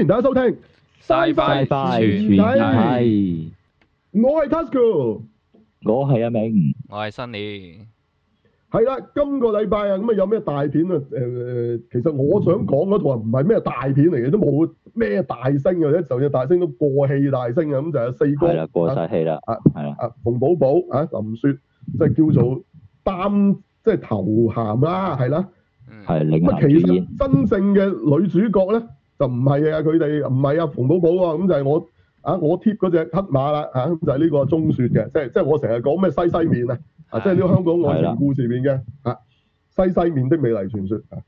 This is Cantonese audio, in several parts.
歡迎大家收聽《SciFi 全面睇》，係我係 Tasuku，我係阿明，我係 Sunny。係啦，今個禮拜啊，咁啊有咩大片啊？誒，其實我想講嗰套唔係咩大片嚟嘅，都冇咩大星嘅，就要大星都過氣大星嘅，咁就係四哥啦，過晒氣啦，啊，係啦，啊馮寶寶啊，林雪即係叫做擔即係頭銜啦，係啦，係領銜主演。咁啊，其實真正嘅女主角咧？就唔係啊！佢哋唔係啊，馮寶寶啊，咁就係我啊，我 tip 嗰隻黑馬啦，啊，就係、是、呢個鍾雪嘅，即係即係我成日講咩西西面啊，即係呢個香港愛情故事面嘅嚇， 西西面的美麗傳説嚇，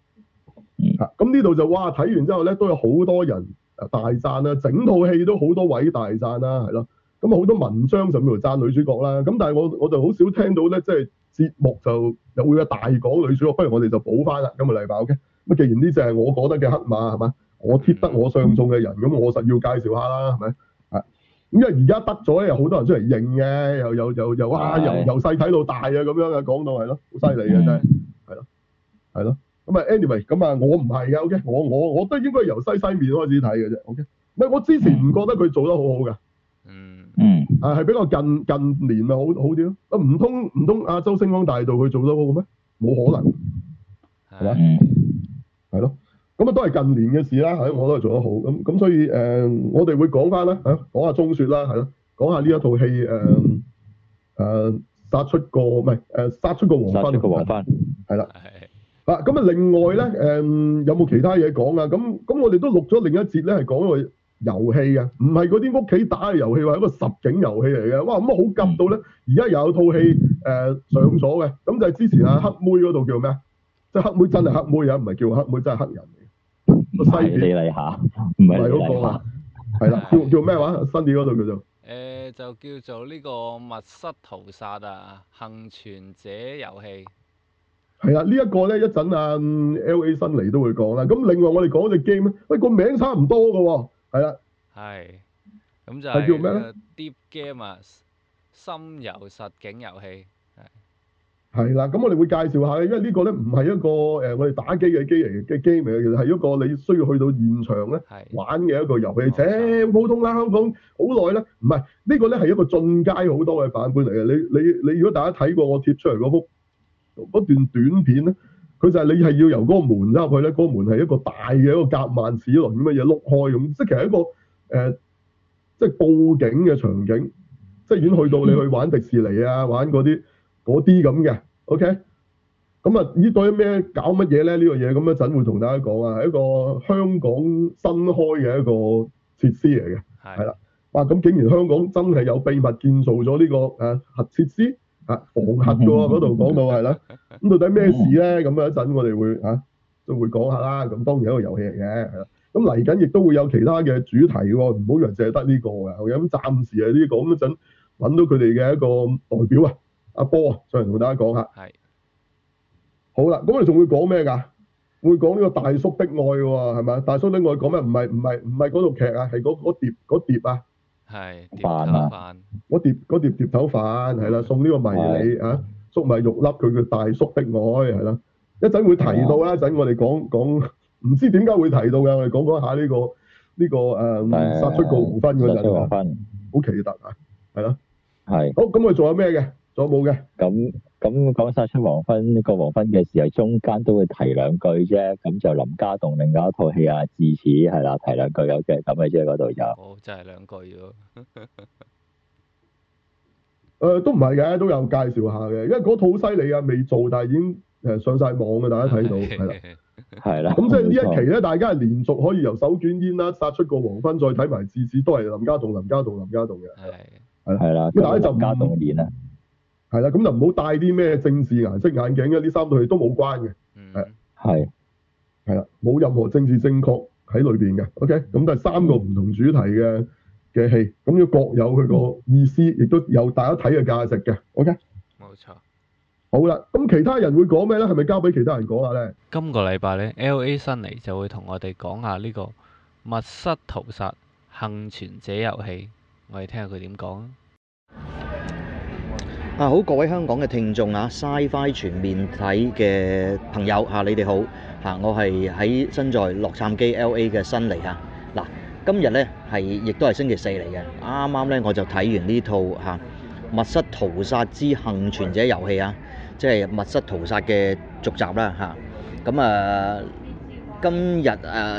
嚇咁呢度就哇睇完之後咧都有好多人大讚啦，整套戲都好多位大讚啦，係咯、啊，咁啊好多文章上面嚟讚女主角啦，咁、啊、但係我我就好少聽到咧，即係節目就就有大講女主角，不如我哋就補翻啦、啊，今個禮拜 OK，咁既然呢隻係我覺得嘅黑馬係嘛？我貼得我相中嘅人，咁我實要介紹下啦，係咪？啊，咁因為而家得咗咧，又好多人出嚟認嘅，又又又又哇，由由細睇到大啊，咁樣啊，講到係咯，好犀利嘅真係，係咯，係咯，咁啊，Anyway，咁啊、okay？我唔係嘅，OK，我我我都應該係由西西面開始睇嘅啫，OK，唔係我之前唔覺得佢做得好好噶，嗯啊，係比較近近年咪好好啲咯，啊，唔通唔通亞洲星光大道佢做得好咩？冇可能，係咪？係咯。咁啊，都係近年嘅事啦。嚇，我都係做得好咁咁，所以誒、呃，我哋會講翻啦，嚇、啊，講下鍾雪啦，係、啊、咯，講下呢一套戲誒誒，殺出個唔係誒，殺出個黃昏，殺出個黃昏，係啦的，咁的啊，另外咧誒、啊，有冇其他嘢講啊？咁咁，我哋都錄咗另一節咧，係講個遊戲嘅，唔係嗰啲屋企打嘅遊戲，或一個實景遊戲嚟嘅。哇，咁啊，好急到咧，而家有套戲誒上咗嘅，咁就係之前啊黑妹嗰度叫咩啊？即係黑妹真係黑妹嚇，唔係叫黑妹，真係黑人。犀利嚟下，唔係嗰個嘛，係啦，叫叫咩話？辛尼嗰度叫做？誒，就叫做呢個密室逃殺啊，幸存者遊戲。係啊，呢一個咧，一陣阿 LA 辛尼都會講啦。咁另外我哋講隻 game，喂個名差唔多噶喎，係啦。係。咁就係。係叫咩咧？Deep Game，深遊實境遊戲。係啦，咁我哋會介紹下。因為呢個咧唔係一個誒、呃，我哋打機嘅機嚟嘅機名其實係一個你需要去到現場咧玩嘅一個遊戲。誒，普通啦，香港好耐啦，唔係呢個咧係一個進階好多嘅版本嚟嘅。你你你，如果大家睇過我貼出嚟嗰幅段短片咧，佢就係你係要由嗰個門走入去咧，嗰、嗰個門係一個大嘅一個夾萬齒輪咁嘅嘢碌開咁，即係其實一個誒、呃，即係佈景嘅場景，即係已經去到你去玩迪士尼啊，玩嗰啲。嗰啲咁嘅，OK，咁啊，呢對咩搞乜嘢咧？呢、這個嘢咁一陣會同大家講啊，係一個香港新開嘅一個設施嚟嘅，係啦的，哇的！咁、啊、竟然香港真係有秘密建造咗呢、這個誒、啊、核設施啊，防核㗎喎，嗰度講到係啦，咁 到底咩事咧？咁啊一陣我哋會啊，都會講下啦。咁當然係一個遊戲嚟嘅，係啦。咁嚟緊亦都會有其他嘅主題喎，唔好以為淨係得呢個㗎。咁暫時係呢、呢個，咁一陣揾到佢哋嘅一個代表啊。 阿波啊，上嚟同大家講下，係好啦。咁我哋仲會講咩㗎？會講呢個大叔的愛喎，係咪？大叔的愛講咩？唔係，唔係，唔係嗰套劇啊，係嗰碟嗰碟啊，係飯啊，碟嗰碟碟頭飯，係啦，送呢個迷你啊，粟米肉粒，佢叫大叔的愛係啦。一陣會提到啦，一陣我哋講講，唔知點解會提到嘅，我哋講講下呢個呢個誒殺出個黃昏嗰陣啊，好奇特啊，係咯，係好咁，我哋仲有咩嘅？左冇嘅，咁咁講晒出黃昏個黃昏嘅時候，中間都會提兩句啫。咁就林家棟另外一套戲啊，智齒係啦，提兩句有嘅咁嘅啫，嗰度有，哦，就係兩句啫，誒，都唔係嘅，都有介紹下嘅，因為嗰套犀利啊，未做但係已經誒上晒網嘅，大家睇到係啦，係啦，咁即係呢一期咧，大家係連續可以由手捲煙啦，殺出個黃昏，再睇埋智齒，都係林家棟、林家棟、林家棟嘅，係係啦，咩林家棟演啊？係啦，咁就唔好戴啲咩政治顏色眼鏡嘅，呢三套戲都冇關嘅。嗯，係係啦，冇任何政治正確喺裏邊嘅。O K，咁都係三個唔同主題嘅嘅戲，咁要各有佢個意思，亦、嗯、都有大家睇嘅價值嘅。O K，冇錯。好啦，咁其他人會講咩咧？係咪交俾其他人講下咧？今個禮拜咧，L A 辛尼就會同我哋講下呢個密室逃殺倖存者遊戲，我哋聽下佢點講啊！啊好，各位香港嘅聽眾啊，SciFi 全面睇嘅朋友嚇，你哋好嚇，我係喺身在洛杉磯 LA 嘅辛尼嚇。嗱，今日咧係亦都係星期四嚟嘅，啱啱咧我就睇完呢套嚇《密室屠殺之幸存者遊戲》啊，即係《密室屠殺》嘅續集啦嚇。咁啊，今日啊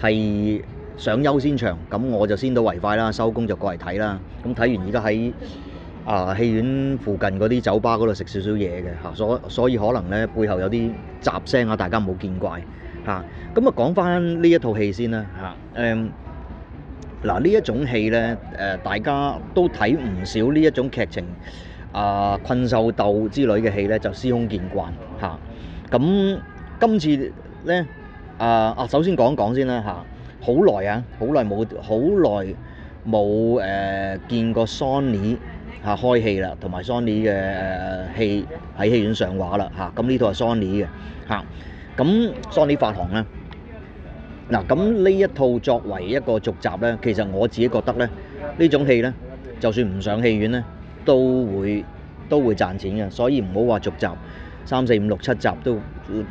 係上優先場，咁我就先到為快啦，收工就過嚟睇啦。咁睇完而家喺。啊！戲院附近嗰啲酒吧嗰度食少少嘢嘅嚇，所以所以可能咧背後有啲雜聲啊，啊、嗯、啊，啊，大家唔好見怪嚇。咁啊，講翻呢一套戲先啦嚇。誒嗱呢一種戲咧誒，大家都睇唔少呢一種劇情啊，困獸鬥之類嘅戲咧就司空見慣嚇。咁、啊、今次咧啊啊，首先講一講先啦嚇。好耐啊，好耐冇、啊、好耐冇誒見過 Sunny。嚇開戲啦，同埋 Sony 嘅戲喺戲院上畫啦嚇。咁呢套係 Sony 嘅嚇，咁 Sony 發行咧嗱。咁呢一套作為一個續集咧，其實我自己覺得咧，呢種戲咧，就算唔上戲院咧，都會都會賺錢嘅。所以唔好話續集三四五六七集都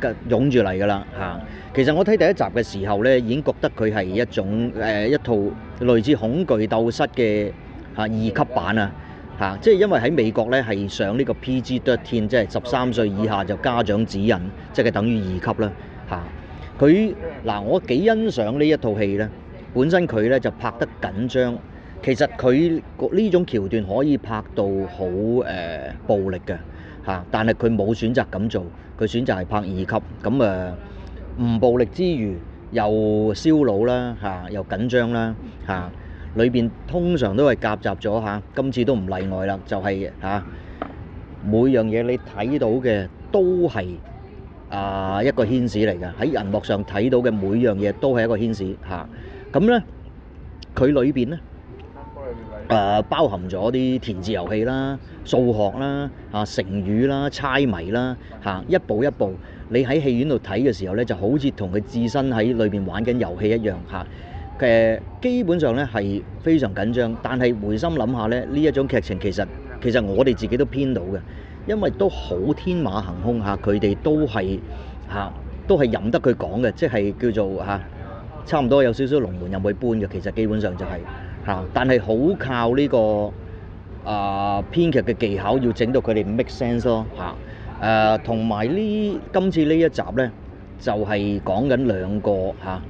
跟湧住嚟㗎啦嚇。其實我睇第一集嘅時候咧，已經覺得佢係一種誒一套類似《恐懼鬥室》嘅嚇二級版啊。嚇、啊！即係因為喺美國咧，係上呢個 PG13 即係十三歲以下就家長指引，即係等於二級啦。嚇、啊！佢嗱、啊，我幾欣賞呢一套戲咧。本身佢咧就拍得緊張，其實佢呢種橋段可以拍到好誒暴力嘅嚇、啊，但係佢冇選擇咁做，佢選擇係拍二級咁誒，唔、啊、暴力之餘又燒腦啦嚇，又緊張啦嚇。啊。裏邊通常都係夾雜咗嚇、啊，今次都唔例外啦，就係、是、嚇、啊、每樣嘢你睇到嘅都係啊一個 hint 嚟嘅。喺銀幕上睇到嘅每樣嘢都係一個 hint 嚇。咁、啊、呢，佢裏邊呢誒包含咗啲填字遊戲啦、數學啦、嚇、啊、成語啦、猜謎啦嚇、啊。一步一步，你喺戲院度睇嘅時候呢，就好似同佢置身喺裏邊玩緊遊戲一樣嚇。啊嘅基本上咧係非常緊張，但係回心諗下咧，呢一種劇情其實其實我哋自己都編到嘅，因為都好天馬行空嚇，佢哋都係嚇都係任得佢講嘅，即係叫做嚇差唔多有少少龍門任會搬嘅，其實基本上就係、是、嚇，但係好靠呢、這個啊、呃、編劇嘅技巧要整到佢哋 make sense 咯嚇，誒同埋呢今次呢一集呢，就係、是、講緊兩個嚇。啊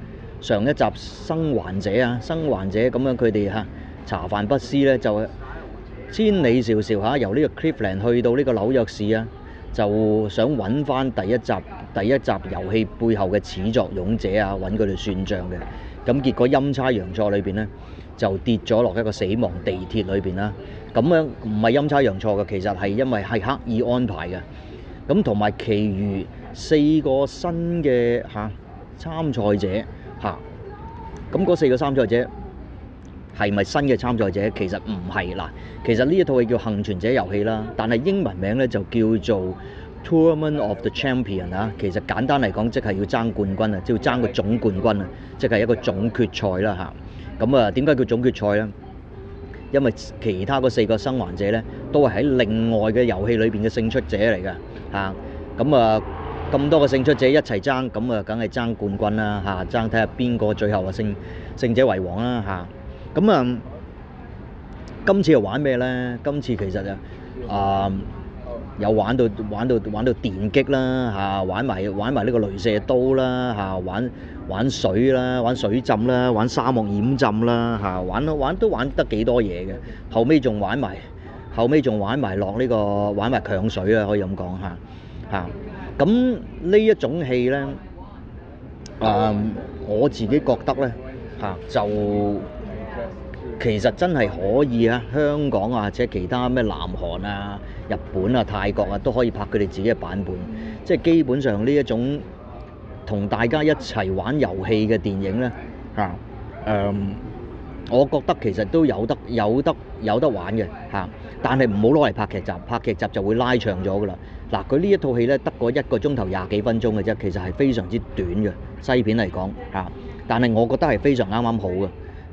上一集生還者，啊《生還者》啊，《生還者》咁樣佢哋嚇，茶飯不思咧，就千里迢迢嚇，由呢個 Cleveland 去到呢個紐約市啊，就想揾翻第一集第一集遊戲背後嘅始作俑者啊，揾佢哋算賬嘅。咁結果陰差陽錯裏邊咧，就跌咗落一個死亡地鐵裏邊啦。咁樣唔係陰差陽錯嘅，其實係因為係刻意安排嘅。咁同埋其餘四個新嘅嚇、啊、參賽者。啊，咁嗰四個參賽者係咪新嘅參賽者？其實唔係，嗱，其實呢一套戲叫《倖存者遊戲》啦，但係英文名咧就叫做《Tournament of the Champion》啊。其實簡單嚟講，即係要爭冠軍啊，要爭個總冠軍啊，即係一個總決賽啦，吓。咁啊，點解叫總決賽咧？因為其他嗰四個生還者咧，都係喺另外嘅遊戲裏邊嘅勝出者嚟嘅，吓。咁啊。啊咁多個勝出者一齊爭，咁啊，梗係爭冠軍啦嚇！爭睇下邊個最後嘅勝勝者為王啦嚇！咁啊，今次又玩咩咧？今次其實就，啊，有玩到玩到玩到電擊啦嚇，玩埋玩埋呢個雷射刀啦嚇，玩玩水啦，玩水浸啦，玩沙漠淹浸啦嚇，玩玩都玩得幾多嘢嘅。後尾仲玩埋，後尾仲玩埋落呢個玩埋強水啦，可以咁講嚇嚇。咁呢一種戲呢，誒，我自己覺得呢，嚇就其實真係可以啊！香港啊，或者其他咩南韓啊、日本啊、泰國啊，都可以拍佢哋自己嘅版本。即係基本上呢一種同大家一齊玩遊戲嘅電影呢，嚇誒，我覺得其實都有得有得有得玩嘅嚇。啊但係唔好攞嚟拍劇集，拍劇集就會拉長咗㗎啦。嗱，佢呢一套戲咧得個一個鐘頭廿幾分鐘嘅啫，其實係非常之短嘅西片嚟講嚇。但係我覺得係非常啱啱好嘅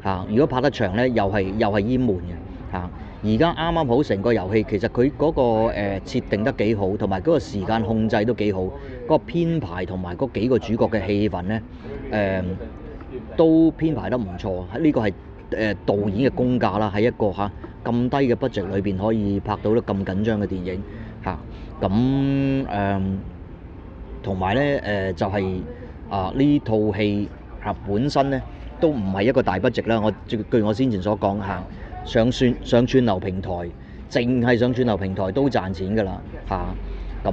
嚇、啊。如果拍得長咧，又係又係淹悶嘅嚇。而家啱啱好，成個遊戲其實佢嗰、那個誒、呃、設定得幾好，同埋嗰個時間控制都幾好。嗰、那個編排同埋嗰幾個主角嘅戲份咧誒都編排得唔錯。呢、這個係誒、呃、導演嘅功架啦，係一個嚇。啊咁低嘅 budget 裏邊可以拍到得咁緊張嘅電影嚇，咁誒同埋咧誒就係啊呢套戲嚇本身咧都唔係一個大 budget 啦。我據我先前所講嚇，上串上串流平台，淨係上串流平台都賺錢㗎啦嚇。咁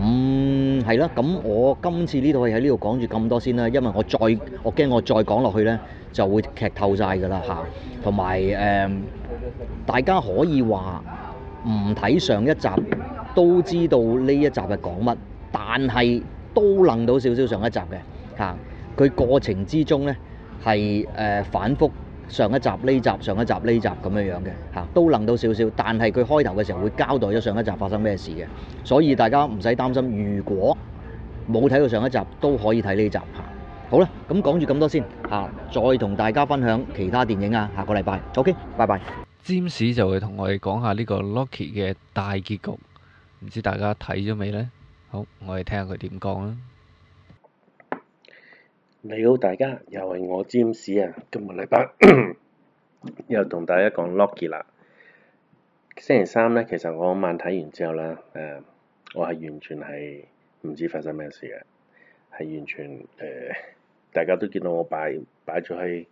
係啦，咁我今次呢套戲喺呢度講住咁多先啦，因為我再我驚我再講落去咧就會劇透曬㗎啦嚇，同埋誒。大家可以話唔睇上一集都知道呢一集係講乜，但係都楞到少少上一集嘅吓。佢、啊、過程之中呢係誒、呃、反覆上一集呢集上一集呢集咁樣樣嘅吓，都楞到少少。但係佢開頭嘅時候會交代咗上一集發生咩事嘅，所以大家唔使擔心。如果冇睇到上一集都可以睇呢集吓、啊。好啦，咁講住咁多先吓、啊，再同大家分享其他電影啊。下個禮拜，OK，拜拜。OK? Bye bye. 詹姆士就會同我哋講下呢個 Loki 嘅大結局，唔知大家睇咗未呢？好，我哋聽下佢點講啦。你好，大家，又係我詹姆士啊。今日禮拜 又同大家講 Loki 啦。星期三呢，其實我晚睇完之後咧，誒、啊，我係完全係唔知發生咩事嘅，係完全誒、呃，大家都見到我擺擺咗喺。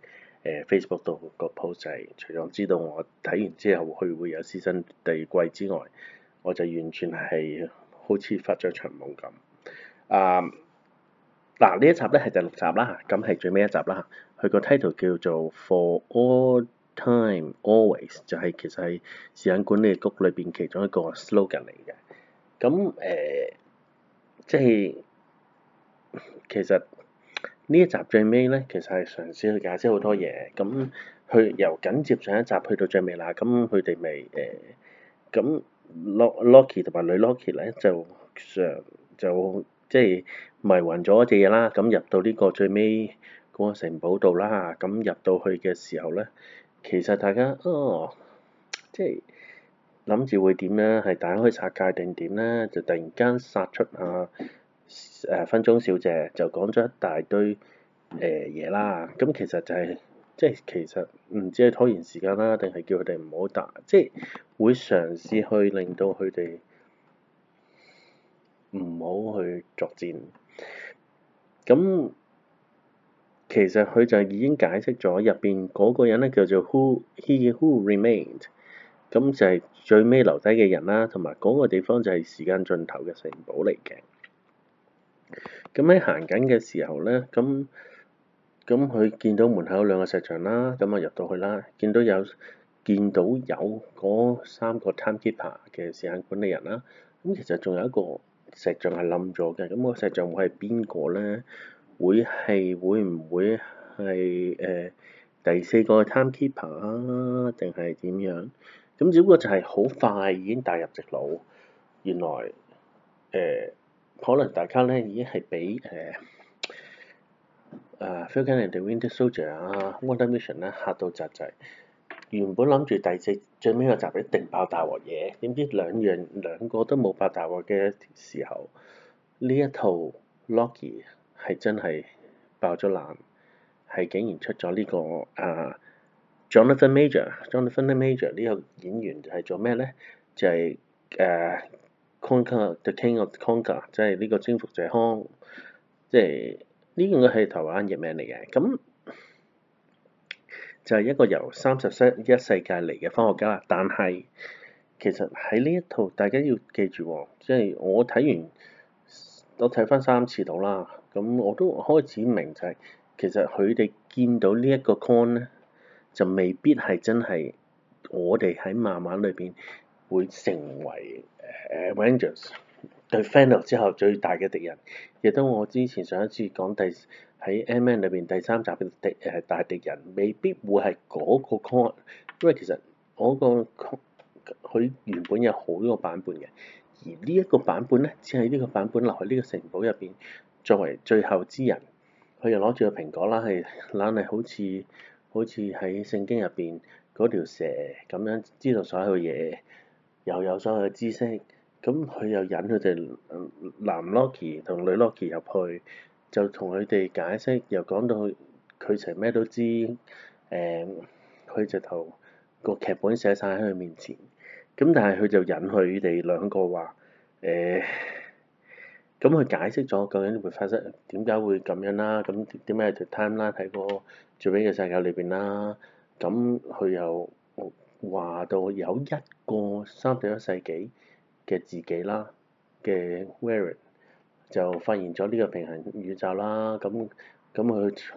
誒 Facebook 度個 post 係、就是，除咗知道我睇完之後佢會有私生地貴之外，我就完全係好似發咗場夢咁。啊、um,，嗱呢一集咧係第六集啦，咁係最尾一集啦。佢個 title 叫做 For All Time Always，就係、是、其實係時間管理局裏邊其中一個 slogan 嚟嘅。咁誒，即、呃、係、就是、其實。呢一集最尾咧，其實係嘗試去解釋好多嘢，咁佢由緊接上一集去到最尾啦，咁佢哋咪誒，咁、呃、Loki 同埋女 Loki 咧就常，就，就，就即係迷魂咗一隻嘢啦，咁入到呢個最尾嗰個城堡度啦，咁入到去嘅時候咧，其實大家哦，即係諗住會點咧，係打開殺戒定點咧，就突然間殺出啊！誒、呃、分鐘小姐就講咗一大堆誒嘢、呃、啦，咁其實就係、是、即係其實唔知係拖延時間啦，定係叫佢哋唔好打，即係會嘗試去令到佢哋唔好去作戰。咁其實佢就已經解釋咗入邊嗰個人咧叫做 Who, He Who Remains，咁就係最尾留低嘅人啦，同埋嗰個地方就係時間盡頭嘅城堡嚟嘅。咁喺行緊嘅時候咧，咁咁佢見到門口有兩個石像啦，咁，啊入到去啦，見到有見到有嗰三個 timekeeper 嘅時間管理人啦，咁其實仲有一個石像係冧咗嘅，咁個石像會係邊個咧？會係會唔會係誒、呃、第四個 timekeeper 啊？定係點樣？咁只不過就係好快已經帶入直路，原來誒。呃可能大家咧已經係俾誒誒《Avengers: Winter Soldier》啊、《Guardians of the Galaxy》咧嚇到窒滯，原本諗住第四最尾個集一定爆大鑊嘢，點知兩樣兩個都冇爆大鑊嘅時候，呢一套《Loki》係真係爆咗爛，係竟然出咗呢、這個啊、呃、Jonathan Majors Jonathan Majors 呢個演員係做咩咧？就係、是、誒。呃 Conquer, The King of Conquer 即係呢個征服者康，即係呢、這個係台灣嘅名嚟嘅。咁就係、是、一個由三十一世界嚟嘅科學家，但係其實喺呢一套，大家要記住，即係我睇完我睇返三次到啦。咁我都開始明就係、是、其實佢哋見到呢一個 Con 咧，就未必係真係我哋喺漫畫裏邊會成為。誒 Avengers 對 Final 之後最大嘅敵人，亦都我之前上一次講第喺 M N 裏邊第三集嘅敵誒大敵人，未必會係嗰個 call，因為其實嗰個 call 佢原本有好多個版本嘅，而呢一個版本咧，只係呢個版本留喺呢個城堡入邊作為最後之人，佢又攞住個蘋果啦，係攬嚟好似好似喺聖經入邊嗰條蛇咁樣知道所有嘢。又有所有嘅知識，咁佢又引佢哋男 Loki、ok、同女 Loki、ok、入去，就同佢哋解釋，又講到佢成咩都知，誒、嗯，佢直頭個劇本寫晒喺佢面前，咁但係佢就引佢哋兩個話，誒、嗯，咁佢解釋咗究竟會發生點解會咁樣啦，咁點解係 The Time 啦，喺個最尾嘅世界裏邊啦，咁佢又。話到有一個三十一世紀嘅自己啦，嘅 Waring r 就發現咗呢個平行宇宙啦，咁咁佢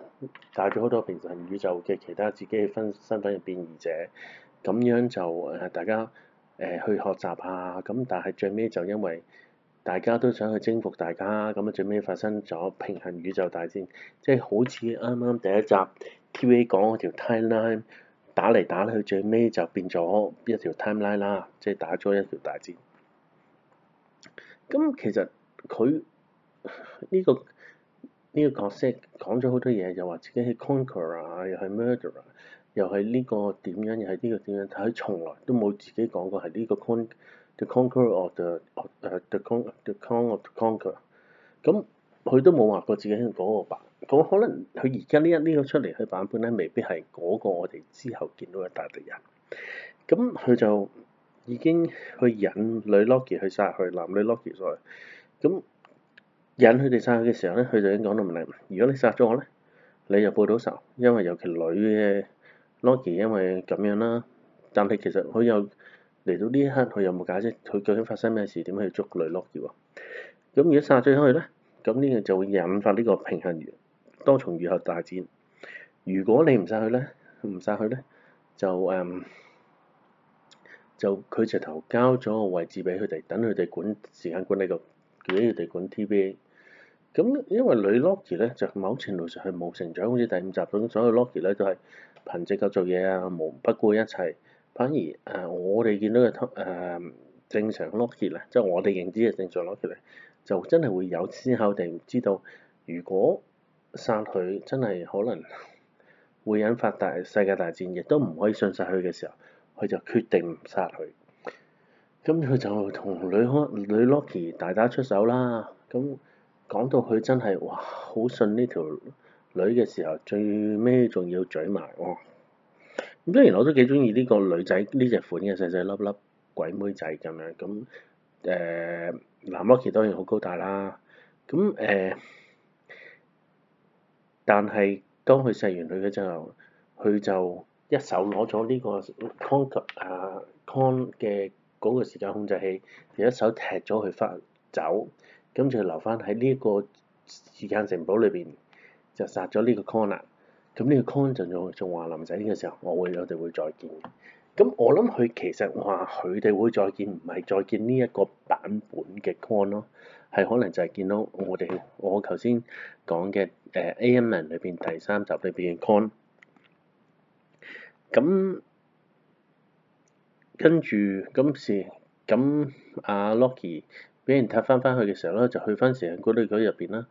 帶咗好多平行宇宙嘅其他自己嘅分身份嘅變異者，咁樣就誒大家誒、呃、去學習下。咁但係最尾就因為大家都想去征服大家，咁啊最尾發生咗平行宇宙大戰，即係好似啱啱第一集 TV 講嗰條 timeline。打嚟打去，最尾就變咗一條 timeline 啦，即係打咗一條大戰。咁其實佢呢個呢個角色講咗好多嘢，又話自己係 conqueror 啊，又係 murderer 啊，又係呢個點樣，又係呢個點樣，佢從來都冇自己講過係呢個 con the conqueror of the the the con the conquer of the conquer 咁。佢都冇話過自己係嗰個版，咁可能佢而家呢一呢個出嚟嘅版本咧，未必係嗰個我哋之後見到嘅大敵人。咁佢就已經去引女 Loki 去殺佢，男女 Loki 在，咁引佢哋殺佢嘅時候咧，佢就已經講到唔明：「如果你殺咗我咧，你就報到仇，因為尤其女嘅 Loki 因為咁樣啦、啊。但係其實佢又嚟到呢一刻，佢又冇解釋佢究竟發生咩事，點去捉女 Loki？咁如果殺咗佢咧？咁呢樣就會引發呢個平衡完多重宇宙大戰。如果你唔殺佢咧，唔殺佢咧，就誒、um，就佢直頭交咗個位置俾佢哋，等佢哋管時間管理局，叫佢哋管 TVA。咁因為女 Loki 咧，就某程度上係冇成長，好似第五集咁，所有 Loki 咧都係憑藉個做嘢啊，無不顧一切。反而誒、呃、我哋見到嘅通、呃、正常 Loki 即係、就是、我哋認知嘅正常 Loki 咧。就真係會有思考定唔知道，如果殺佢真係可能會引發大世界大戰，亦都唔可以相信殺佢嘅時候，佢就決定唔殺佢。咁佢就同女女 Loki 大打出手啦。咁講到佢真係哇，好信呢條女嘅時候，最尾仲要嘴埋喎。咁當然我都幾鍾意呢個女仔呢隻、這個、款嘅細細粒粒粒鬼妹仔咁樣咁誒。林洛基當然好高大啦，咁誒、呃，但係當佢錫完佢嘅之後，佢就一手攞咗呢個 con 嘅嗰個時間控制器，另一手踢咗佢翻走，咁就留翻喺呢一個時間城堡裏邊，就殺咗呢個 con 啦。咁呢個 con 就仲仲話林仔呢個時候我，我會我哋會再見。咁我諗佢其實話佢哋會再見，唔係再見呢一個版本嘅 Con 咯，係可能就係見到我哋我頭先講嘅誒 Aman 裏邊第三集裏邊嘅 Con。咁跟住今時咁阿 Loki 畀人踢翻翻去嘅時候咧，就去翻成古力鬼入邊啦。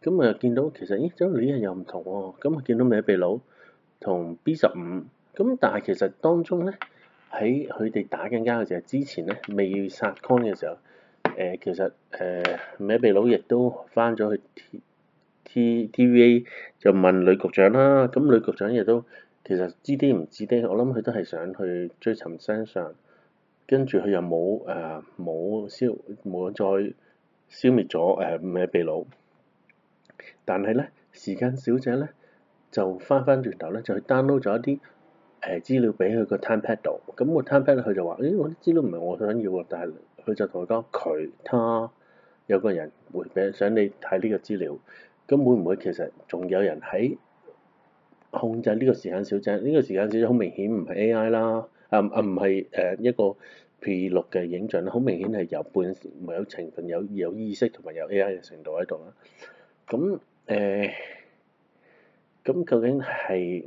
咁我又見到其實咦，張臉又唔同喎，啊。咁我見到咩鼻佬同 B 十五。咁但係其實當中咧，喺佢哋打緊交嘅時候，之前咧未殺 con 嘅時候，誒、呃、其實誒咩秘魯亦都翻咗去 T T T V A，就問女局長啦。咁女局長亦都其實知啲唔知啲，我諗佢都係想去追尋真相，跟住佢又冇誒冇消冇再消滅咗誒咩秘魯，但係咧時間小姐咧就翻返轉頭咧就去 download 咗一啲，誒資料畀佢個 TemPad 度，咁個 TemPad 佢就話，誒我啲資料唔係我想要喎，但係佢就同我講，佢他，他，他有個人會俾想你睇呢個資料，咁會唔會其實仲有人喺控制呢個時間小姐？呢、呢個時間小姐好明顯唔係 AI 啦，啊啊唔係誒一個預錄嘅影像好明顯係有半唔有情分，有、有意識同埋有、有 AI 嘅程度喺度啦。咁誒，咁、呃、究竟係？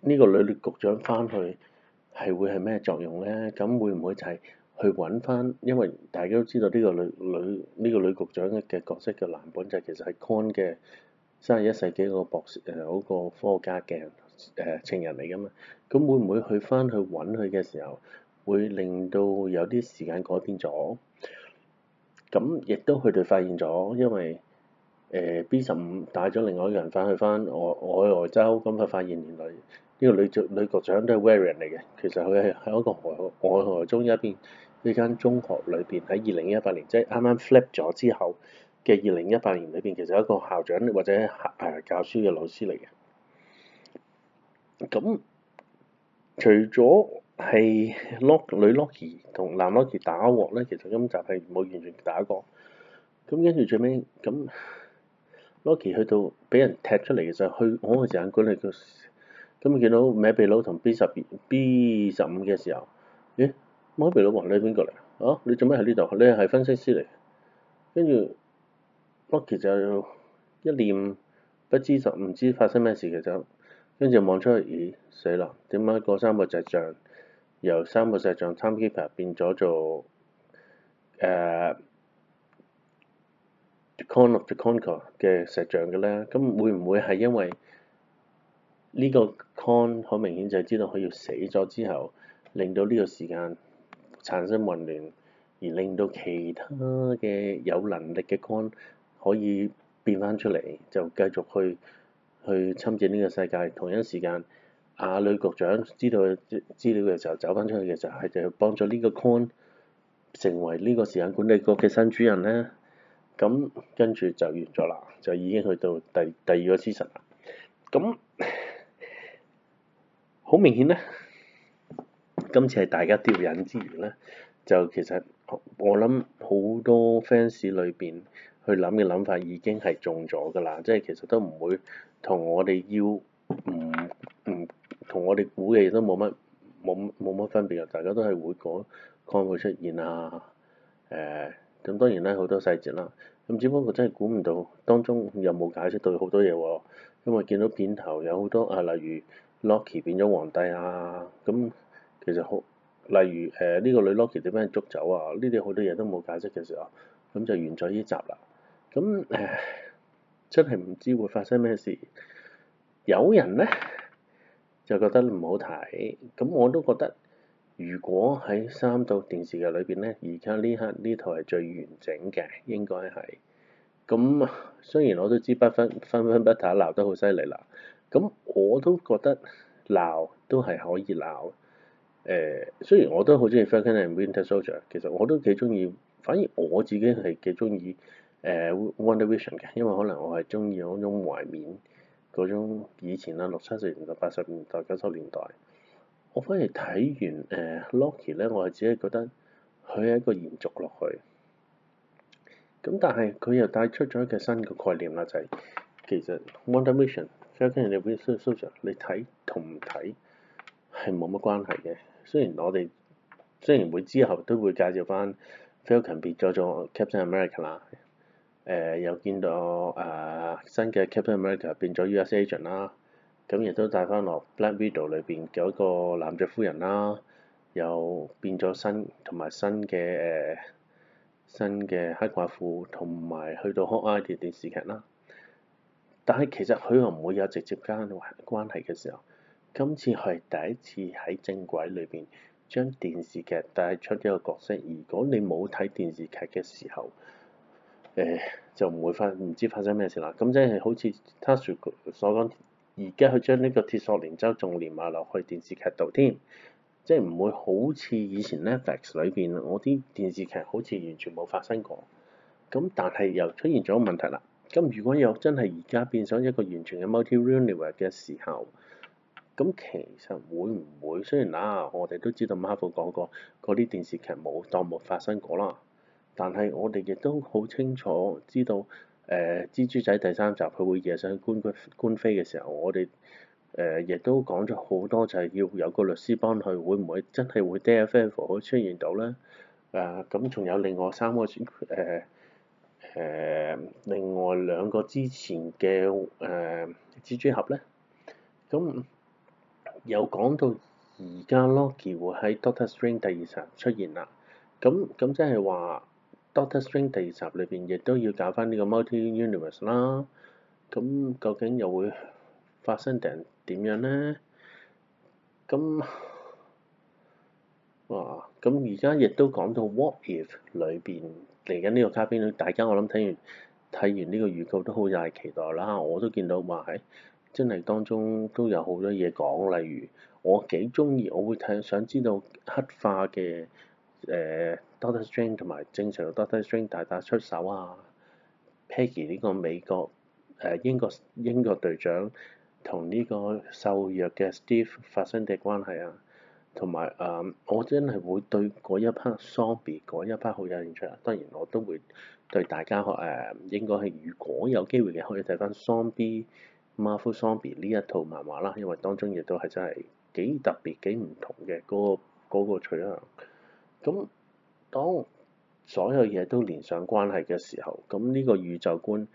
呢個女局長翻去係會係咩作用咧？咁會唔會就係去揾翻？因為大家都知道呢個女女呢、呢個女局長嘅角色嘅藍本就係、是、其實係 Con 嘅三十一世紀嗰個博士誒嗰個科學家嘅誒情人嚟噶嘛？咁會唔會回去翻去揾佢嘅時候，會令到有啲時間改變咗？咁亦都佢哋發現咗，因為誒、呃、B 十五帶咗另外一個人翻去翻外外州，咁佢發現原來。呢個女長女局長都係 variant 嚟嘅，其實佢係喺一個外外河中一邊呢間中學裏邊喺二零一八年，即係啱啱 flip 咗之後嘅二零一八年裏邊，其實一個校長或者誒教書嘅老師嚟嘅。咁除咗係 lock、ok, 女 Loki 同男 Loki 打鑊咧，其實今集係冇完全打過。咁跟住最尾咁 Loki 去到俾人踢出嚟，嘅其實去我嘅時間管理咁見到歪鼻佬同 B 十二 B 十五嘅時候，咦，歪鼻佬，你係邊個嚟？啊，你做咩喺呢度？你係分析師嚟。跟住，Loki 就一念不知就唔知發生咩事嘅就，跟住望出去，咦，死啦！點解個三個石像由三個石像 Timekeeper，變咗做、呃、Kang the Conqueror 嘅石像嘅咧？咁會唔會係因為呢、呢個？康好明顯就係知道佢要死咗之後，令到呢個時間產生混亂，而令到其他嘅有能力嘅 Con 可以變翻出嚟，就繼續去去侵佔呢個世界。同一時間，阿裏局長知道資料嘅時候走翻出去嘅時候，係就幫助呢個 Con 成為呢個時間管理局嘅新主人呢。咧。咁跟住就完咗啦，就已經去到第第二個 season 啦。咁好明顯咧，今次係大家吊癮之餘咧，就其實我諗好多 fans 裏邊去諗嘅諗法已經係中咗㗎啦，即係其實都唔會同我哋要唔唔同我哋估嘅嘢都冇乜冇冇乜分別啊！大家都係會講康會出現啊，誒、呃、咁當然啦，好多細節啦，咁只不過真係估唔到當中有冇解釋到好多嘢喎、啊，因為見到片頭有好多啊，例如。Loki 變咗皇帝啊！咁其實好，例如誒呢、呃呢個女 Loki 點樣捉走啊？呢啲好多嘢都冇解釋嘅時候，咁就完咗呢集啦。咁誒、呃、真係唔知會發生咩事。有人咧就覺得唔好睇，咁我都覺得，如果喺三套電視劇裏邊咧，而家呢刻呢套係最完整嘅，應該係。咁雖然我都知不分分分不打鬧得好犀利啦。咁、嗯、我都覺得鬧都係可以鬧嘅。誒、呃，雖然我都好中意《Falcon and Winter Soldier》，其實我都幾中意。反而我自己係幾中意誒《Wonder Vision》嘅，因為可能我係中意嗰種懷緬嗰種以前啦，六七十年代、八十年代、九十年代。我反而睇完誒《Loki、呃》咧 Lock，我係只係覺得佢係一個延續落去。咁、嗯、但係佢又帶出咗一個新嘅概念啦，就係、是、其實《Wonder Vision》。你睇同唔睇係冇乜關係嘅。雖然我哋雖然會之後都會介紹翻 Falcon 變咗做 Captain America 啦，誒、呃、又見到誒、呃、新嘅 Captain America 變咗 US Agent 啦，咁亦都帶翻落 Black Widow 裏邊有一個男爵夫人啦，又變咗新同埋新嘅誒、呃、新嘅黑寡婦同埋去到 Hawkeye 嘅電視劇啦。但係其實佢又唔會有直接關關係嘅時候，今次係第一次喺正軌裏邊將電視劇，但出呢個角色。如果你冇睇電視劇嘅時候，誒、欸、就唔會發唔知發生咩事啦。咁即係好似他 a 所講，而家佢將呢個鐵索連舟仲連埋落去電視劇度添，即係唔會好似以前 Netflix 裏邊我啲電視劇好似完全冇發生過。咁但係又出現咗問題啦。咁如果有真係而家變咗一個完全嘅 multi-universe 嘅時候，咁其實會唔會？雖然啊，我哋都知道 Marvel 講過嗰啲電視劇冇當冇發生過啦，但係我哋亦都好清楚知道，誒、呃、蜘蛛仔第三集佢會惹上官司嘅時候，我哋誒亦都講咗好多，就係要有個律師幫佢，會唔會真係會 Daredevil 會出現到咧？誒咁仲有另外三個誒。呃呃、另外兩個之前嘅誒、呃、蜘蛛俠咧，咁、嗯、又講到而家 Loki 會喺 Doctor Strange 第二集出現啦，咁、嗯、咁即、嗯、係話、就是、Doctor Strange 第二集裏邊亦都要搞翻呢個 Multiverse u n i、Universe、啦，咁、嗯、究竟又會發生定點樣咧？咁、嗯、啊，咁而家亦都講到 What If 裏邊。嚟緊呢個卡片，大家我諗睇完睇完呢個預告都好大期待啦！我都見到話係、哎、真係當中都有好多嘢講，例如我幾鍾意，我會睇想知道黑化嘅誒、呃、Doctor Strange 同埋正常 Doctor Strange 大打出手，啊。Peggy 呢個美國誒、呃、英國英國隊長同呢個瘦弱嘅 Steve 發生嘅關係啊！同埋誒，我真係會對嗰一 part 喪屍嗰一 part 好有興趣啦。當然我都會對大家誒、嗯，應該係如果有機會嘅可以睇翻喪屍 Marvel 喪屍呢一套漫畫啦，因為當中亦都係真係幾特別、幾唔同嘅、嗰個、嗰個取向。咁當所有嘢都連上關係嘅時候，咁呢個宇宙觀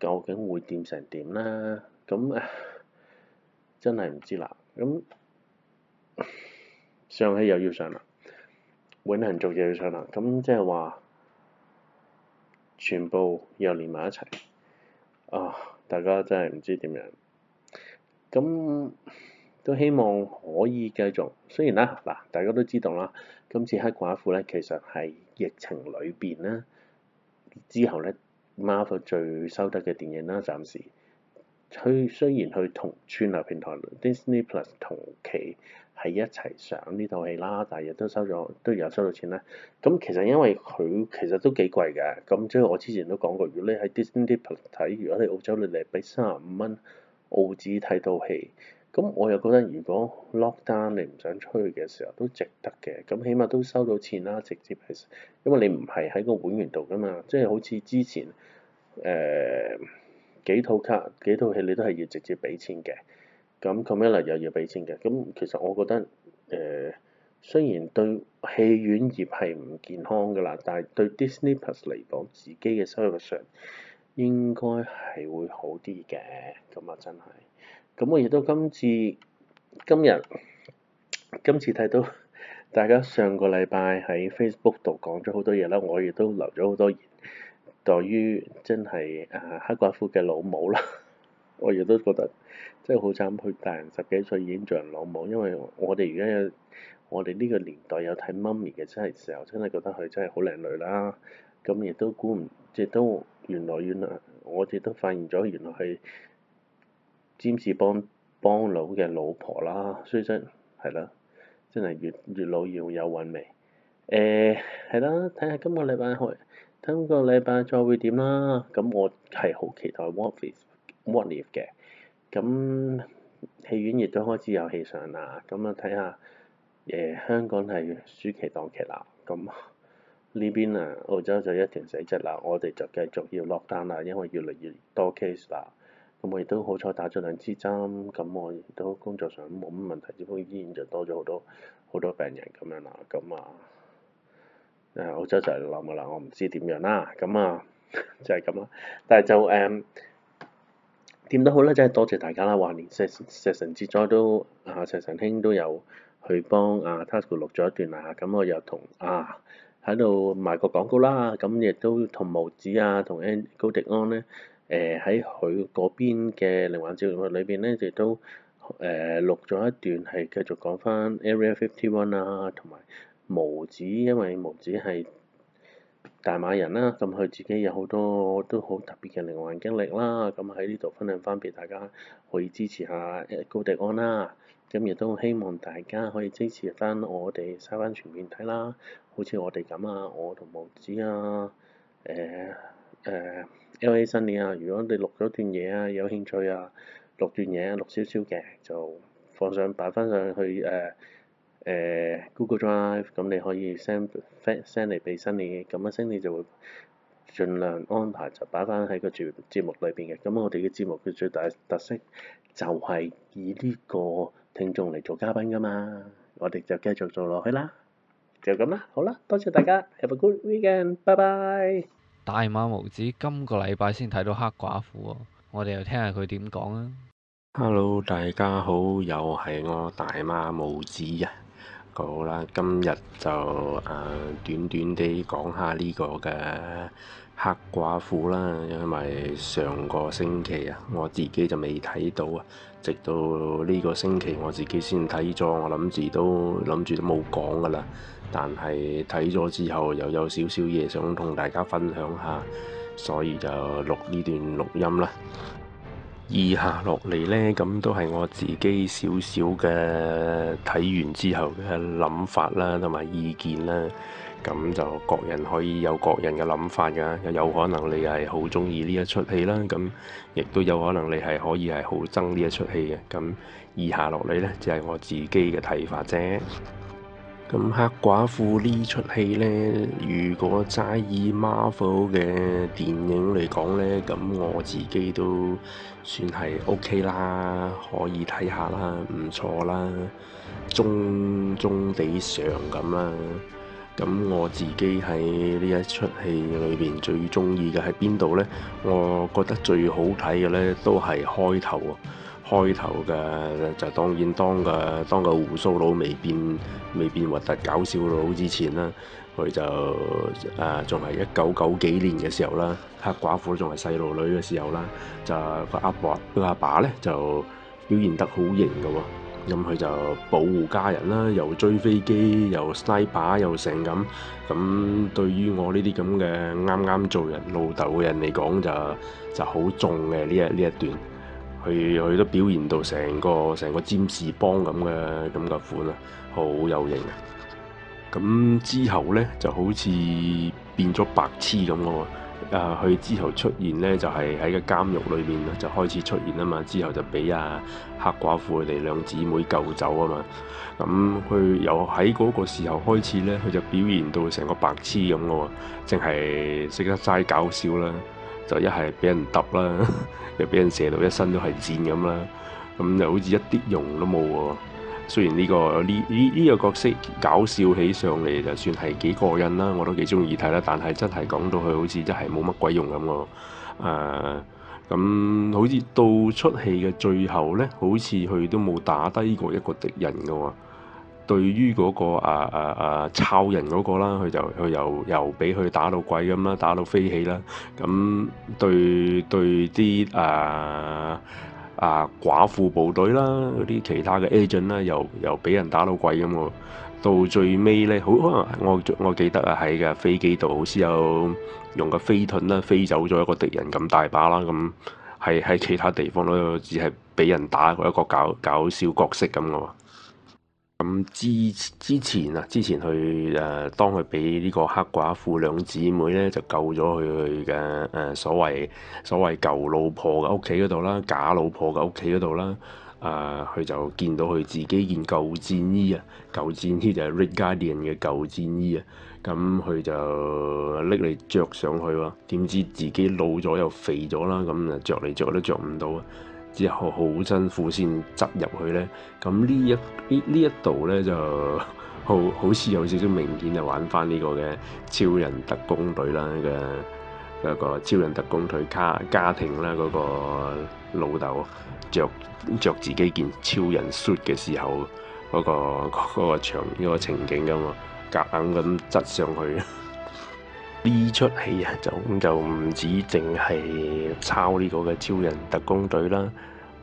究竟會點成點啦？咁真係唔知啦。咁上戲又要上啦，永恆做嘢要上啦，咁即係話全部又連埋一齊啊！大家真係唔知點樣，咁都希望可以繼續。雖然咧嗱，大家都知道啦，今次黑寡婦咧其實係疫情裏邊呢，之後咧 Marvel 最收得嘅電影啦。暫時佢雖然去同串流平台 Disney Plus 同期。係一齊上呢套戲啦，但係亦都收咗，都有收到錢啦。咁其實因為佢其實都幾貴嘅，咁即係我之前都講過，如果你喺 Disney Plus 睇，如果你澳洲你嚟俾三十五蚊澳紙睇套戲，咁我又覺得如果 lockdown 你唔想出去嘅時候都值得嘅，咁起碼都收到錢啦，直接係因為你唔係喺個會員度㗎嘛，即係好似之前誒，呃，幾套卡幾套戲你都係要直接俾錢嘅。咁咁樣嚟又要俾錢嘅，咁其實我覺得誒、呃，雖然對戲院業係唔健康噶啦，但係對 Disney+ 嚟講，自己嘅收入上應該係會好啲嘅，咁啊真係。咁我亦都今次今日今次睇到大家上個禮拜喺 Facebook 度講咗好多嘢啦，我亦都留咗好多言，對於真係誒黑寡婦嘅老母啦。我亦都覺得真係好慘，佢大人十幾歲已經做人老母，因為我哋而家有我哋呢個年代有睇媽咪嘅真係時候，真係覺得佢真係好靚女啦。咁亦都估唔，即都原來原來我哋都發現咗原來係占士邦邦老嘅老婆啦。所以真係係啦，真係越越老越有韻味。誒係啦，睇下今個禮拜去，聽個禮拜再會點啦。咁我係好期待 What, what 嘅，咁戲院亦都開始有戲上啦。咁啊睇下誒香港係暑期檔期啦。咁呢邊啊澳洲就一停死執啦。我哋就繼續要 lockdown 啦，因為越嚟越多 case 啦。咁我亦都好彩打咗兩支針，咁我亦都工作上冇乜問題。只不過醫院就多咗好多好多病人咁樣啦。咁啊啊澳洲就係諗噶啦，我唔知點樣啦。咁啊就係咁啦。但係就誒。Um, 掂得好啦，真係多謝大家啦！話連石石神之災都啊，石神兄都，都有去幫阿 Tasuku 錄咗一段啊，咁我又同啊喺度賣個廣告啦，咁亦都同毛子啊，同高迪安咧誒喺佢嗰邊嘅靈幻照裏邊咧，亦都誒、呃、錄咗一段係繼續講翻 Area Fifty One 啊，同埋毛子，因為毛子係。大馬人啦，咁佢自己有好多都好特別嘅靈魂經歷啦，咁喺呢度分享翻俾大家，可以支持下、呃、高迪安啦，咁亦都希望大家可以支持翻我哋 SciFi 全面睇啦，好似我哋咁啊，我同毛子啊，誒、呃、誒、呃、L A 辛尼啊，如果你錄咗段嘢啊，有興趣啊，錄段嘢、啊、錄少少嘅，就放上擺翻上去誒。呃誒 Google Drive，咁你可以 send send 嚟俾 Sunny，咁阿 Sunny 就會盡量安排就擺翻喺個節目裏邊嘅。咁我哋嘅節目嘅最大特色就係以呢個聽眾嚟做嘉賓噶嘛，我哋就繼續做落去啦。就咁啦，好啦，多謝大家，Have a good weekend，拜拜。大馬毛子，今個禮拜先睇到黑寡婦喎，我哋又聽下佢點講啊。Hello，大家好，又係我大馬毛子啊。好啦，今日就啊，短短地講下呢個嘅黑寡婦啦，因為上個星期啊，我自己就未睇到啊，直到呢個星期我自己先睇咗，我諗住都諗住都冇講噶啦，但係睇咗之後又有少少嘢想同大家分享下，所以就錄呢段錄音啦。以下落嚟呢，咁都係我自己少少嘅睇完之後嘅諗法啦，同埋意見啦。咁就各人可以有各人嘅諗法㗎。有可能你係好中意呢一出戲啦，咁亦都有可能你係可以係好憎呢一出戲嘅。咁以下落嚟呢，就係我自己嘅睇法啫。咁《黑寡婦》呢出戲呢，如果齋以 Marvel 嘅電影嚟講呢，咁我自己都～算係 OK 啦，可以睇下啦，唔錯啦，中中地上咁啦。咁我自己喺呢一出戲裏邊最鍾意嘅係邊度呢？我覺得最好睇嘅呢都係開頭，開頭嘅就當然當個當個鬍鬚佬未變未變核突搞笑佬之前啦。佢就誒仲係一九九幾年嘅時候啦，黑寡婦仲係細路女嘅時候啦，就個阿伯、個阿爸咧就表現得好型嘅喎，咁、嗯、佢就保護家人啦，又追飛機，又拉把，又成咁，咁、嗯、對於我呢啲咁嘅啱啱做人老豆嘅人嚟講就就好重嘅呢一呢一段，佢佢都表現到成個成個占士邦咁嘅咁嘅款啊，好有型啊！咁之後呢，就好似變咗白痴咁咯。啊，佢之後出現呢，就係喺個監獄裏面，就開始出現啊嘛。之後就畀阿、啊、黑寡婦佢哋兩姊妹救走啊嘛。咁、啊、佢又喺嗰個時候開始呢，佢就表現到成個白痴咁咯。淨係識得齋搞笑啦，就一係俾人揼啦， 又俾人射到一身都係箭咁啦。咁就好似一啲用都冇喎、啊。雖然呢、這個呢呢呢個角色搞笑起上嚟，就算係幾過癮啦，我都幾中意睇啦。但係真係講到佢好似真係冇乜鬼用咁喎、啊。咁、啊、好似到出戲嘅最後呢，好似佢都冇打低過一個敵人嘅喎、啊。對於嗰、那個啊啊啊抄人嗰個啦，佢就佢又又俾佢打到鬼咁啦，打到飛起啦。咁、啊、對對啲啊～啊寡婦部隊啦，嗰啲其他嘅 agent 啦，又又俾人打到鬼咁喎。到最尾咧，好可能我我記得啊，喺架飛機度，好似有用個飛盾啦，飛走咗一個敵人咁大把啦。咁係喺其他地方咧，只係畀人打一個搞搞笑角色咁嘅喎。咁之之前啊，之前去誒、呃，當佢俾呢個黑寡婦兩姊妹咧，就救咗佢去嘅誒，所謂所謂舊老婆嘅屋企嗰度啦，假老婆嘅屋企嗰度啦，誒、呃，佢就見到佢自己件舊戰衣啊，舊戰衣就係《Red Guardian》嘅舊戰衣啊，咁、嗯、佢就拎嚟着上去喎，點知自己老咗又肥咗啦，咁啊着嚟着都着唔到啊，之後好辛苦先執入去咧，咁呢一。呢一度咧就好好似有少少明顯啊，玩翻呢個嘅超人特工隊啦嘅一個超人特工隊卡、嗰個、家庭啦，嗰個老豆着著自己件超人 suit 嘅時候嗰、嗰個嗰、嗰個場嗰、嗰個情景咁啊，夾硬咁執上去呢 出戲啊，就就唔止淨係抄呢個嘅超人特工隊啦。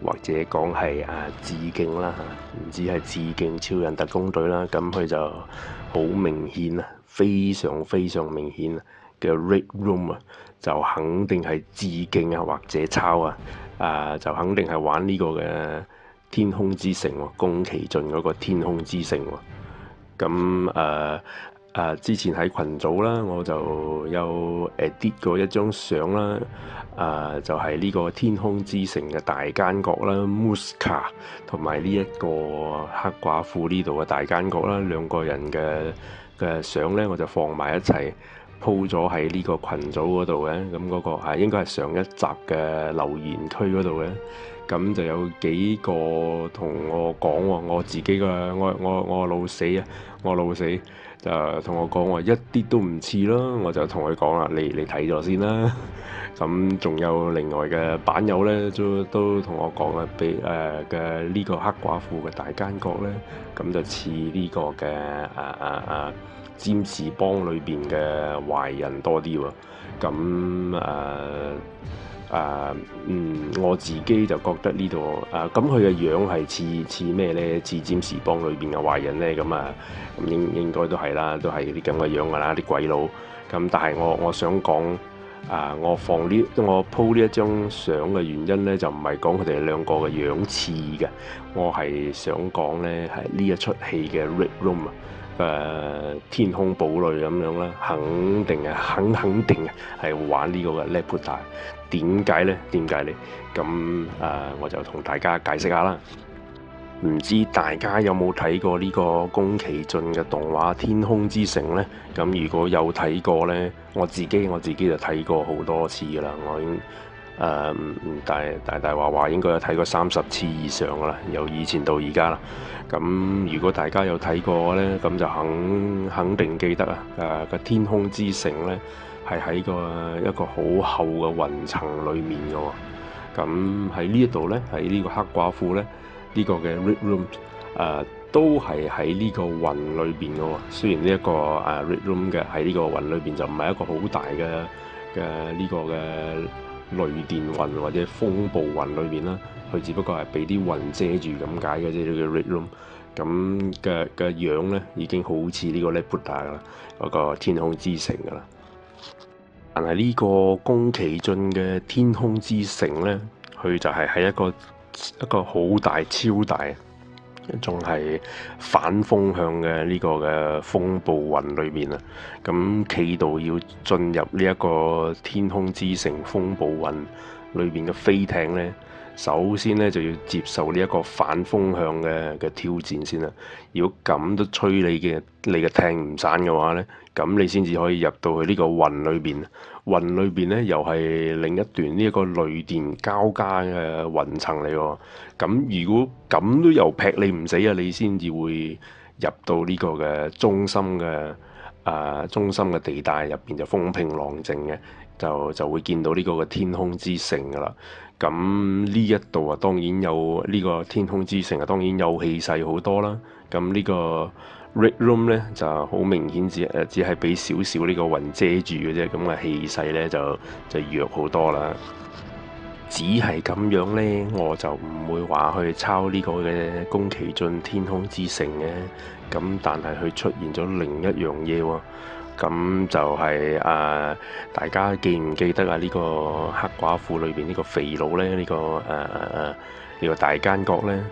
或者講係啊，致敬啦，唔知係致敬超人特工隊啦，咁佢就好明顯啊，非常非常明顯啊嘅 Red Room 啊、呃，就肯定係致敬啊，或者抄啊，啊就肯定係玩呢個嘅《天空之城》宮崎駿嗰個《天空之城》喎、嗯，咁、呃、啊。啊、之前喺群組啦，我就有誒啲過一張相啦，誒、啊、就係呢個天空之城嘅大奸角啦 Muska 同埋呢一個黑寡婦呢度嘅大奸角啦，兩個人嘅嘅相呢，我就放埋一齊鋪咗喺呢個群組嗰度嘅。咁嗰、嗰個係、啊、應該係上一集嘅留言區嗰度嘅。咁就有幾個同我講喎，我自己嘅我我我老死啊，我老死。就同、呃、我講話一啲都唔似咯，我就同佢講啦，你你睇咗先啦。咁 仲有另外嘅版友咧，都都同我講啊，比誒嘅呢個黑寡婦嘅大奸角咧，咁就似呢個嘅誒誒誒占士邦裏邊嘅壞人多啲喎。咁誒。呃啊，uh, 嗯，我自己就覺得呢度啊，咁佢嘅樣係似似咩呢？似《占士邦》裏邊嘅壞人呢。咁啊，應應該都係啦，都係啲咁嘅樣噶啦，啲鬼佬。咁、嗯、但係我我想講啊，我放呢我 po 呢一張相嘅原因呢，就唔係講佢哋兩個嘅樣似嘅，我係想講呢，係呢一出戲嘅 Red Room 啊，誒天空堡壘咁樣啦，肯定係肯肯定嘅係玩呢個嘅 l e p a r 點解呢？點解呢？咁誒、呃，我就同大家解釋下啦。唔知大家有冇睇過呢個宮崎駿嘅動畫《天空之城》呢？咁如果有睇過呢，我自己我自己就睇過好多次噶啦。我已經誒、呃、大大大話話應該有睇過三十次以上噶啦，由以前到而家啦。咁如果大家有睇過呢，咁就肯肯定記得啊！誒、呃、個《天空之城》呢。係喺個一個好厚嘅雲層裏面嘅喎、哦，咁喺呢一度咧，喺呢個黑寡婦咧，呢、這個嘅 Red Room 啊、呃，都係喺呢個雲裏邊嘅喎。雖然呢、這個 uh, 一個啊 Red Room 嘅喺呢個雲裏邊就唔係一個好大嘅嘅呢個嘅雷電雲或者風暴雲裏邊啦，佢只不過係俾啲雲遮住咁解嘅啫。叫 Red Room 咁嘅嘅樣咧，已經好似呢個 Laputa 啦，嗰、那個天空之城噶啦。但係呢個宮崎駿嘅《天空之城》呢，佢就係喺一個一個好大超大仲係反風向嘅呢個嘅風暴雲裏面。啊、嗯！咁企圖要進入呢一個天空之城風暴雲裏面嘅飛艇呢，首先呢就要接受呢一個反風向嘅嘅挑戰先啦。如果咁都吹你嘅你嘅艇唔散嘅話呢，咁你先至可以入到去呢個雲裏邊。雲裏邊咧又係另一段呢一個雷電交加嘅雲層嚟喎。咁如果咁都又劈你唔死啊，你先至會入到呢個嘅中心嘅啊中心嘅地帶入邊就風平浪靜嘅，就就會見到呢個嘅天空之城㗎啦。咁呢一度啊，當然有呢個天空之城啊，當然有氣勢好多啦。咁呢個 Red Room 咧就好明顯只，只誒只係畀少少呢個雲遮住嘅啫，咁嘅氣勢咧就就弱好多啦。只係咁樣咧，我就唔會話去抄個呢個嘅宮崎駿《天空之城》嘅。咁但係佢出現咗另一樣嘢喎，咁就係、是、誒、呃、大家記唔記得啊？呢、這個黑寡婦裏邊呢個肥佬咧，呢、這個誒誒誒呢個大奸角咧。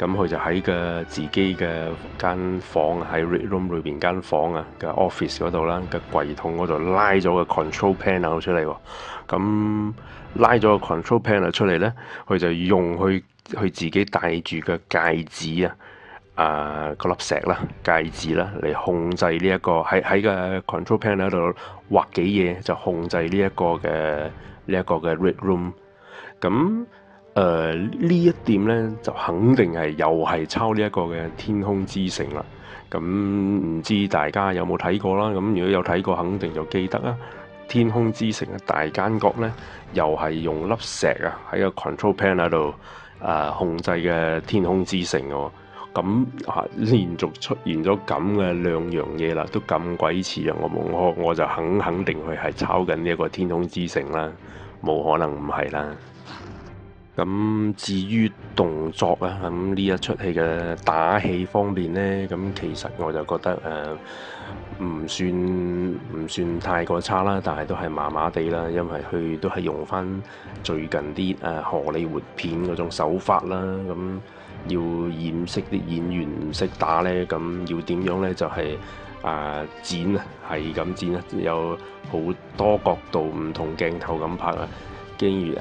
咁佢就喺嘅自己嘅間房喺 Red Room 裏邊間房啊嘅 office 嗰度啦，個櫃桶嗰度拉咗個 control panel 出嚟喎。咁拉咗個 control panel 出嚟咧，佢就用佢佢自己戴住嘅戒指啊，啊、呃、個粒石啦戒指啦嚟控制呢、這、一個喺喺嘅 control panel 度畫幾嘢，就控制呢一個嘅呢一個嘅 Red Room。咁誒，呢、呃、一點呢，就肯定係又係抄呢一個嘅《天空之城》啦、嗯。咁唔知大家有冇睇過啦？咁、嗯、如果有睇過，肯定就記得啦。《天空之城》嘅大奸角呢，又係用粒石啊喺個 control panel 喺度誒、呃、控制嘅《天空之城》。咁啊，連續出現咗咁嘅兩樣嘢啦，都咁鬼似啊！我我我就肯肯定佢係抄緊呢一個《天空之城》啦，冇可能唔係啦。咁至於動作啊，咁呢一出戲嘅打戲方面呢，咁其實我就覺得誒唔、呃、算唔算太過差啦，但係都係麻麻地啦，因為佢都係用翻最近啲誒、啊、荷里活片嗰種手法啦。咁、啊、要掩飾啲演員唔識打呢，咁要點樣呢？就係啊剪啊，係咁剪啦、就是，有好多角度唔同鏡頭咁拍啊。例如誒，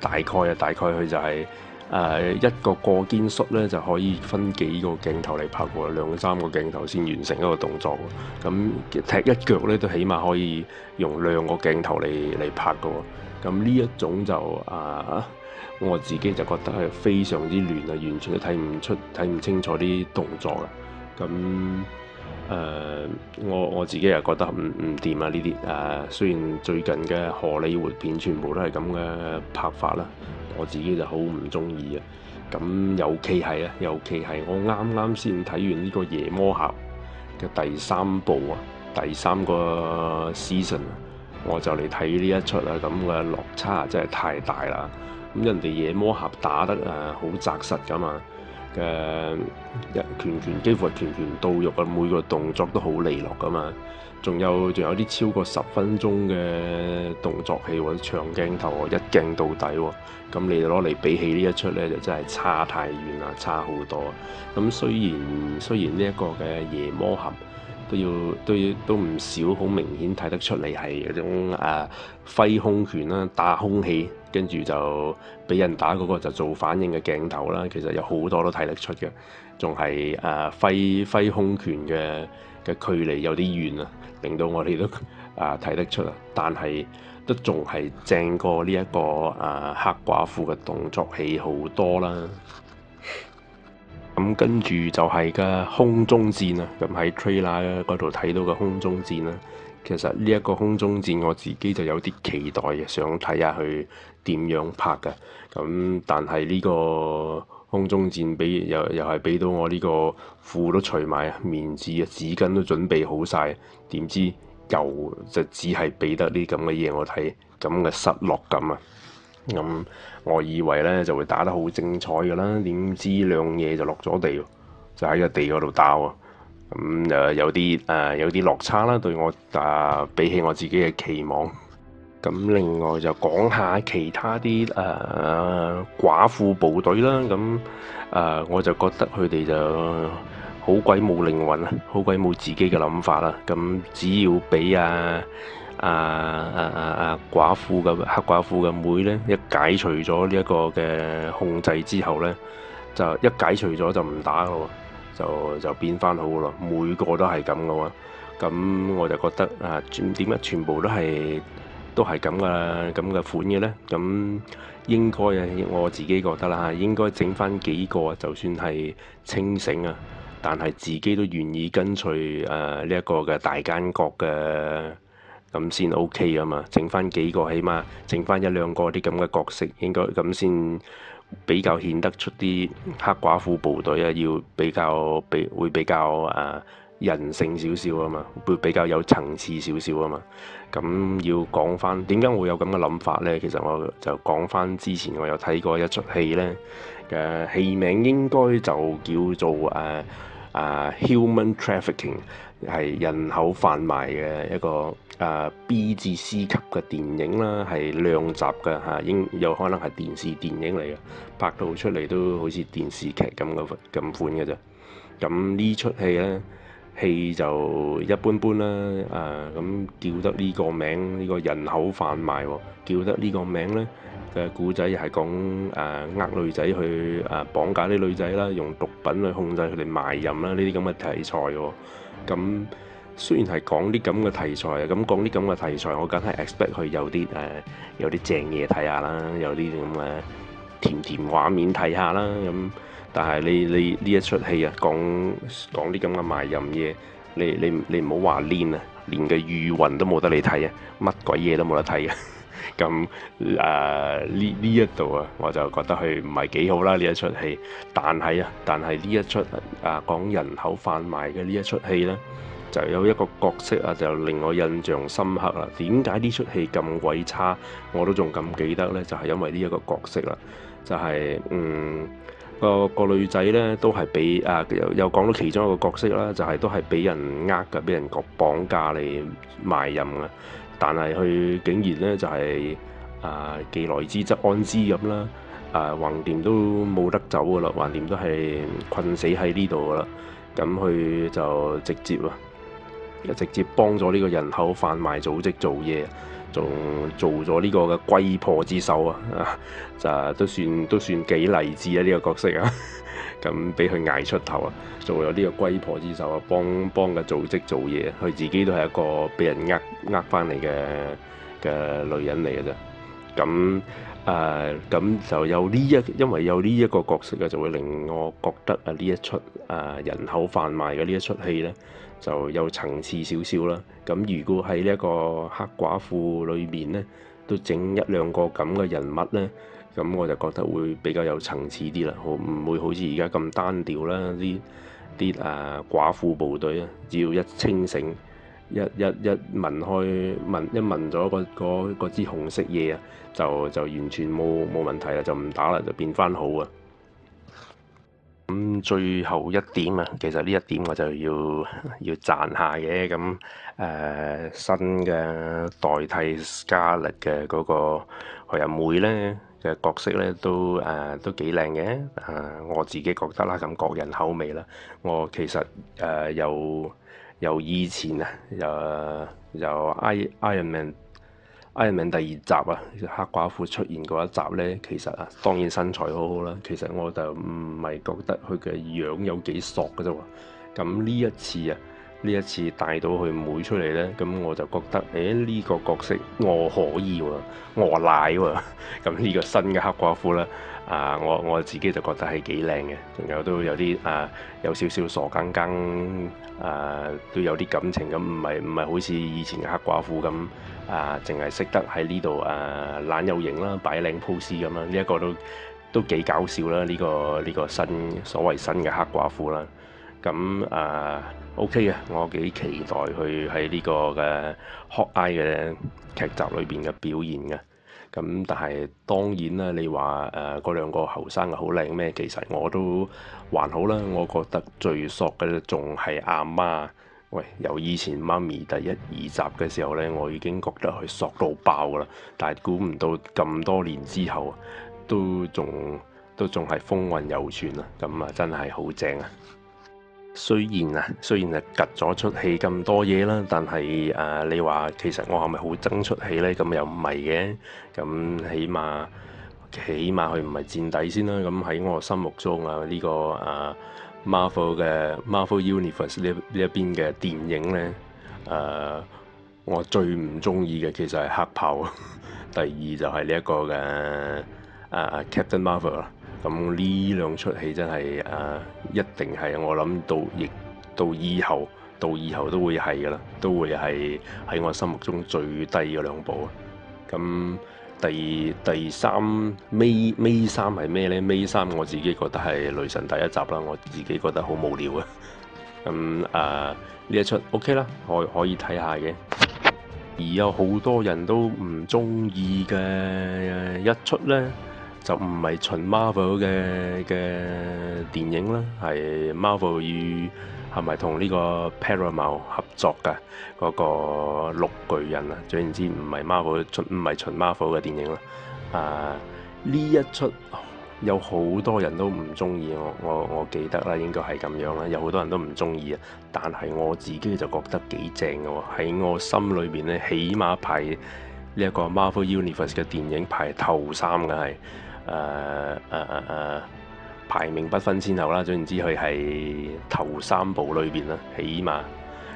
大概啊，大概佢就係、是、誒、啊、一個過肩摔咧，就可以分幾個鏡頭嚟拍喎，兩三個鏡頭先完成一個動作咁、嗯、踢一腳咧，都起碼可以用兩個鏡頭嚟嚟拍嘅喎。咁呢一種就啊，我自己就覺得係非常之亂啊，完全都睇唔出、睇唔清楚啲動作啊。咁、嗯誒，uh, 我我自己又覺得唔唔掂啊！呢啲誒，uh, 雖然最近嘅荷里活片全部都係咁嘅拍法啦，我自己就好唔中意啊。咁尤其係咧，尤其係我啱啱先睇完呢個《夜魔俠》嘅第三部啊，第三個 season 啊，我就嚟睇呢一出啊，咁嘅落差真係太大啦。咁人哋《夜魔俠》打得誒好紮實噶嘛。嘅一、uh, 拳拳，幾乎係拳拳到肉啊！每個動作都好利落噶嘛，仲有仲有啲超過十分鐘嘅動作戲，或者長鏡頭，一鏡到底喎、哦。咁你攞嚟比起呢一出咧，就真係差太遠啦，差好多。咁雖然雖然呢一個嘅夜魔俠都要都要都唔少，好明顯睇得出嚟係嗰種誒、啊、揮空拳啦，打空氣，跟住就俾人打嗰個就做反應嘅鏡頭啦，其實有好多都睇得出嘅，仲係誒揮揮空拳嘅嘅距離有啲遠啊，令到我哋都啊睇、呃、得出啊，但係都仲係正過呢一個誒、呃、黑寡婦嘅動作戲好多啦。咁跟住就係㗎空中戰啊，咁喺 trailer 嗰度睇到嘅空中戰啦，其實呢一個空中戰我自己就有啲期待，想睇下佢。點樣拍嘅？咁但係呢個空中戰俾又又係畀到我呢個褲都除埋啊，面子、啊，紙巾都準備好晒。點知又就只係畀得呢咁嘅嘢，我睇咁嘅失落感啊！咁我以為呢就會打得好精彩㗎啦，點知兩嘢就落咗地，就喺個地嗰度打啊！咁誒有啲誒、呃、有啲落差啦，對我誒、呃、比起我自己嘅期望。咁另外就講下其他啲誒寡婦部隊啦，咁誒我就覺得佢哋就好鬼冇靈魂啦，好鬼冇自己嘅諗法啦。咁只要俾阿阿阿阿寡婦嘅黑寡婦嘅妹咧，一解除咗呢一個嘅控制之後咧，就一解除咗就唔打咯，就就變翻好咯。每個都係咁嘅話，咁我就覺得啊，點解全部都係？都係咁嘅咁嘅款嘅呢，咁應該啊，我自己覺得啦嚇，應該整翻幾個，就算係清醒啊，但係自己都願意跟隨誒呢一個嘅大奸角嘅咁先 OK 啊嘛，整翻幾個，起碼整翻一兩個啲咁嘅角色，應該咁先比較顯得出啲黑寡婦部隊啊，要比較比會比較啊。呃人性少少啊嘛，會比較有層次少少啊嘛。咁要講翻點解我會有咁嘅諗法呢？其實我就講翻之前我有睇過一出戲呢，嘅、啊、戲名應該就叫做誒、啊啊、Human Trafficking 係人口販賣嘅一個誒、啊、B 至 C 級嘅電影啦，係量集嘅嚇，應、啊、有可能係電視電影嚟嘅，拍到出嚟都好似電視劇咁嘅咁款嘅啫。咁呢出戲呢？戲就一般般啦，誒、呃、咁叫得呢個名，呢、這個人口販賣喎，叫得呢個名呢嘅故仔係講誒呃女仔去誒、呃、綁架啲女仔啦，用毒品去控制佢哋賣淫啦，呢啲咁嘅題材喎。咁、呃、雖然係講啲咁嘅題材，咁講啲咁嘅題材，我梗係 expect 佢有啲誒有啲正嘢睇下啦，有啲咁嘅。甜甜畫面睇下啦，咁、嗯、但係你你呢一出戲啊，講講啲咁嘅賣淫嘢，你你你唔好話連啊，連個餘韻都冇得你睇啊，乜鬼嘢都冇得睇啊，咁誒呢呢一度啊，我就覺得佢唔係幾好啦呢一出戲。但係啊，但係呢一出啊講人口販賣嘅呢一出戲呢，就有一個角色啊，就令我印象深刻啦、啊。點解呢出戲咁鬼差，我都仲咁記得呢，就係、是、因為呢一個角色啦、啊。就係、是、嗯，個個女仔呢，都係俾啊又又講到其中一個角色啦，就係、是、都係俾人呃嘅，俾人割綁架嚟賣淫嘅。但係佢竟然呢，就係、是、既、呃、來之則安之咁啦，啊橫掂都冇得走嘅啦，橫掂都係困死喺呢度嘅啦。咁佢就直接啊直接幫咗呢個人口販賣組織做嘢。做做咗呢個嘅龜婆之手啊，就都算都算幾勵志啊！呢、呢個角色啊，咁俾佢捱出頭啊，做咗呢個龜婆之手啊，幫幫個組織做嘢，佢自己都係一個俾人呃呃返嚟嘅嘅女人嚟嘅啫，咁。誒咁就有呢一，因為有呢一個角色嘅，就會令我覺得啊呢一出誒人口販賣嘅呢一出戲呢，就有層次少少啦。咁如果喺呢一個黑寡婦裏面呢，都整一兩個咁嘅人物呢，咁我就覺得會比較有層次啲啦，唔會好似而家咁單調啦。啲啲誒寡婦部隊啊，只要一清醒，一一一聞開聞一聞咗嗰嗰嗰支紅色嘢啊！就就完全冇冇問題啦，就唔打啦，就變翻好啊！咁最後一點啊，其實呢一點我就要要讚下嘅，咁誒新嘅代替 Scarlet 嘅嗰、嗰個學妹咧嘅角色咧都誒、呃、都幾靚嘅啊！我自己覺得啦，咁各人口味啦，我其實誒又又以前啊又又 Iron Man。Iron Man 第二集啊，黑寡婦出現嗰一集呢，其實啊，當然身材好好啦。其實我就唔係覺得佢嘅樣有幾索嘅啫喎。咁呢一次啊，呢一次帶到佢妹出嚟呢，咁我就覺得，誒，呢個角色我可以喎，我奶喎。咁呢個新嘅黑寡婦啦。啊！我我自己就覺得係幾靚嘅，仲有都有啲啊，有少少傻更更啊，都有啲感情咁，唔係唔係好似以前嘅黑寡婦咁啊，淨係識得喺呢度啊懶有型啦，擺靚 pose 咁樣，呢一、這個都都幾搞笑啦！呢、這個呢、這個新所謂新嘅黑寡婦啦，咁啊，啊 OK 嘅，我幾期待佢喺呢個嘅、啊、Hawkeye 嘅劇集裏邊嘅表現嘅。咁、嗯、但係當然啦，你話誒嗰兩個後生嘅好靚咩？其實我都還好啦，我覺得最索嘅仲係阿媽。喂，由以前媽咪第一二集嘅時候呢，我已經覺得佢索到爆啦。但係估唔到咁多年之後，都仲都仲係風韻猶存啦。咁啊，真係好正啊！雖然啊，雖然係隔咗出戲咁多嘢啦，但係啊、呃，你話其實我係咪好憎出戲咧？咁又唔係嘅，咁起碼起碼佢唔係墊底先啦。咁喺我心目中啊，呢、這個啊、呃、Marvel 嘅 Marvel Universe 呢一,一邊嘅電影咧，誒、呃，我最唔中意嘅其實係黑豹， 第二就係呢一個嘅啊、呃、Captain Marvel。咁呢兩出戲真係誒、啊，一定係我諗到，亦到以後，到以後都會係噶啦，都會係喺我心目中最低嘅兩部啊。咁第二第三尾尾三係咩呢？尾三我自己覺得係雷神第一集啦，我自己覺得好無聊、 嗯、啊。咁誒呢一出 OK 啦，可以可以睇下嘅。而有好多人都唔中意嘅一出呢。就唔係純 Marvel 嘅嘅電影啦，係 Marvel 與係咪同呢個 Paramount 合作嘅嗰個綠巨人啊？總言之 Marvel，唔係 Marvel 唔係純 Marvel 嘅電影啦。啊，呢一出有好多人都唔中意，我我我記得啦，應該係咁樣啦。有好多人都唔中意啊，但係我自己就覺得幾正嘅喎。喺我心裏邊咧，起碼排呢一個 Marvel Universe 嘅電影排頭三嘅係。誒誒誒誒，uh, uh, uh, 排名不分先後啦，總然之佢係頭三部裏邊啦，起碼。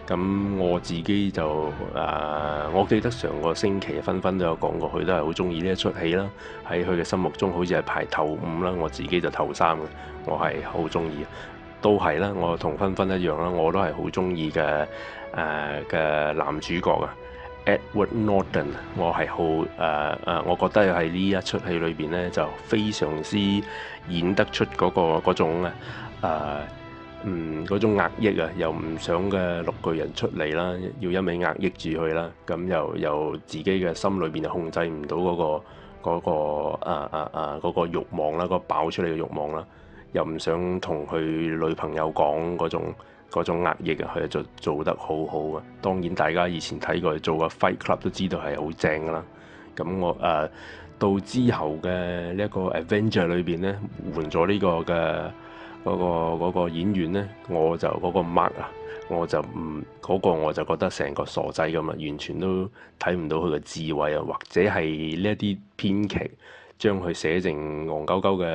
咁我自己就誒，uh, 我記得上個星期芬芬都有講過，佢都係好中意呢一出戲啦。喺佢嘅心目中好似係排頭五啦，我自己就頭三嘅，我係好中意。都係啦，我同芬芬一樣啦，我都係好中意嘅誒嘅男主角啊。Edward Norton，我係好誒誒，uh, uh, 我覺得喺呢一出戲裏邊咧，就非常之演得出嗰、嗰個嗰種，uh, 嗯嗰種壓抑啊，又唔想嘅綠巨人出嚟啦，要一味壓抑住佢啦，咁又又自己嘅心裏邊控制唔到嗰個嗰、嗰個誒誒誒個慾望啦，個爆出嚟嘅慾望啦，又唔想同佢女朋友講嗰種。嗰種壓抑啊，佢就做，做得好好啊。當然，大家以前睇過做嘅 Fight Club 都知道係好正啦。咁我誒、呃、到之後嘅呢一個 Avenger 裏邊咧，換咗呢個嘅嗰、嗰個嗰個嗰個演員咧，我就嗰、嗰個 Mark 啊，我就唔嗰、嗰個我就覺得成個傻仔咁啊，完全都睇唔到佢嘅智慧啊，或者係呢一啲編劇。將佢寫成黃勾勾嘅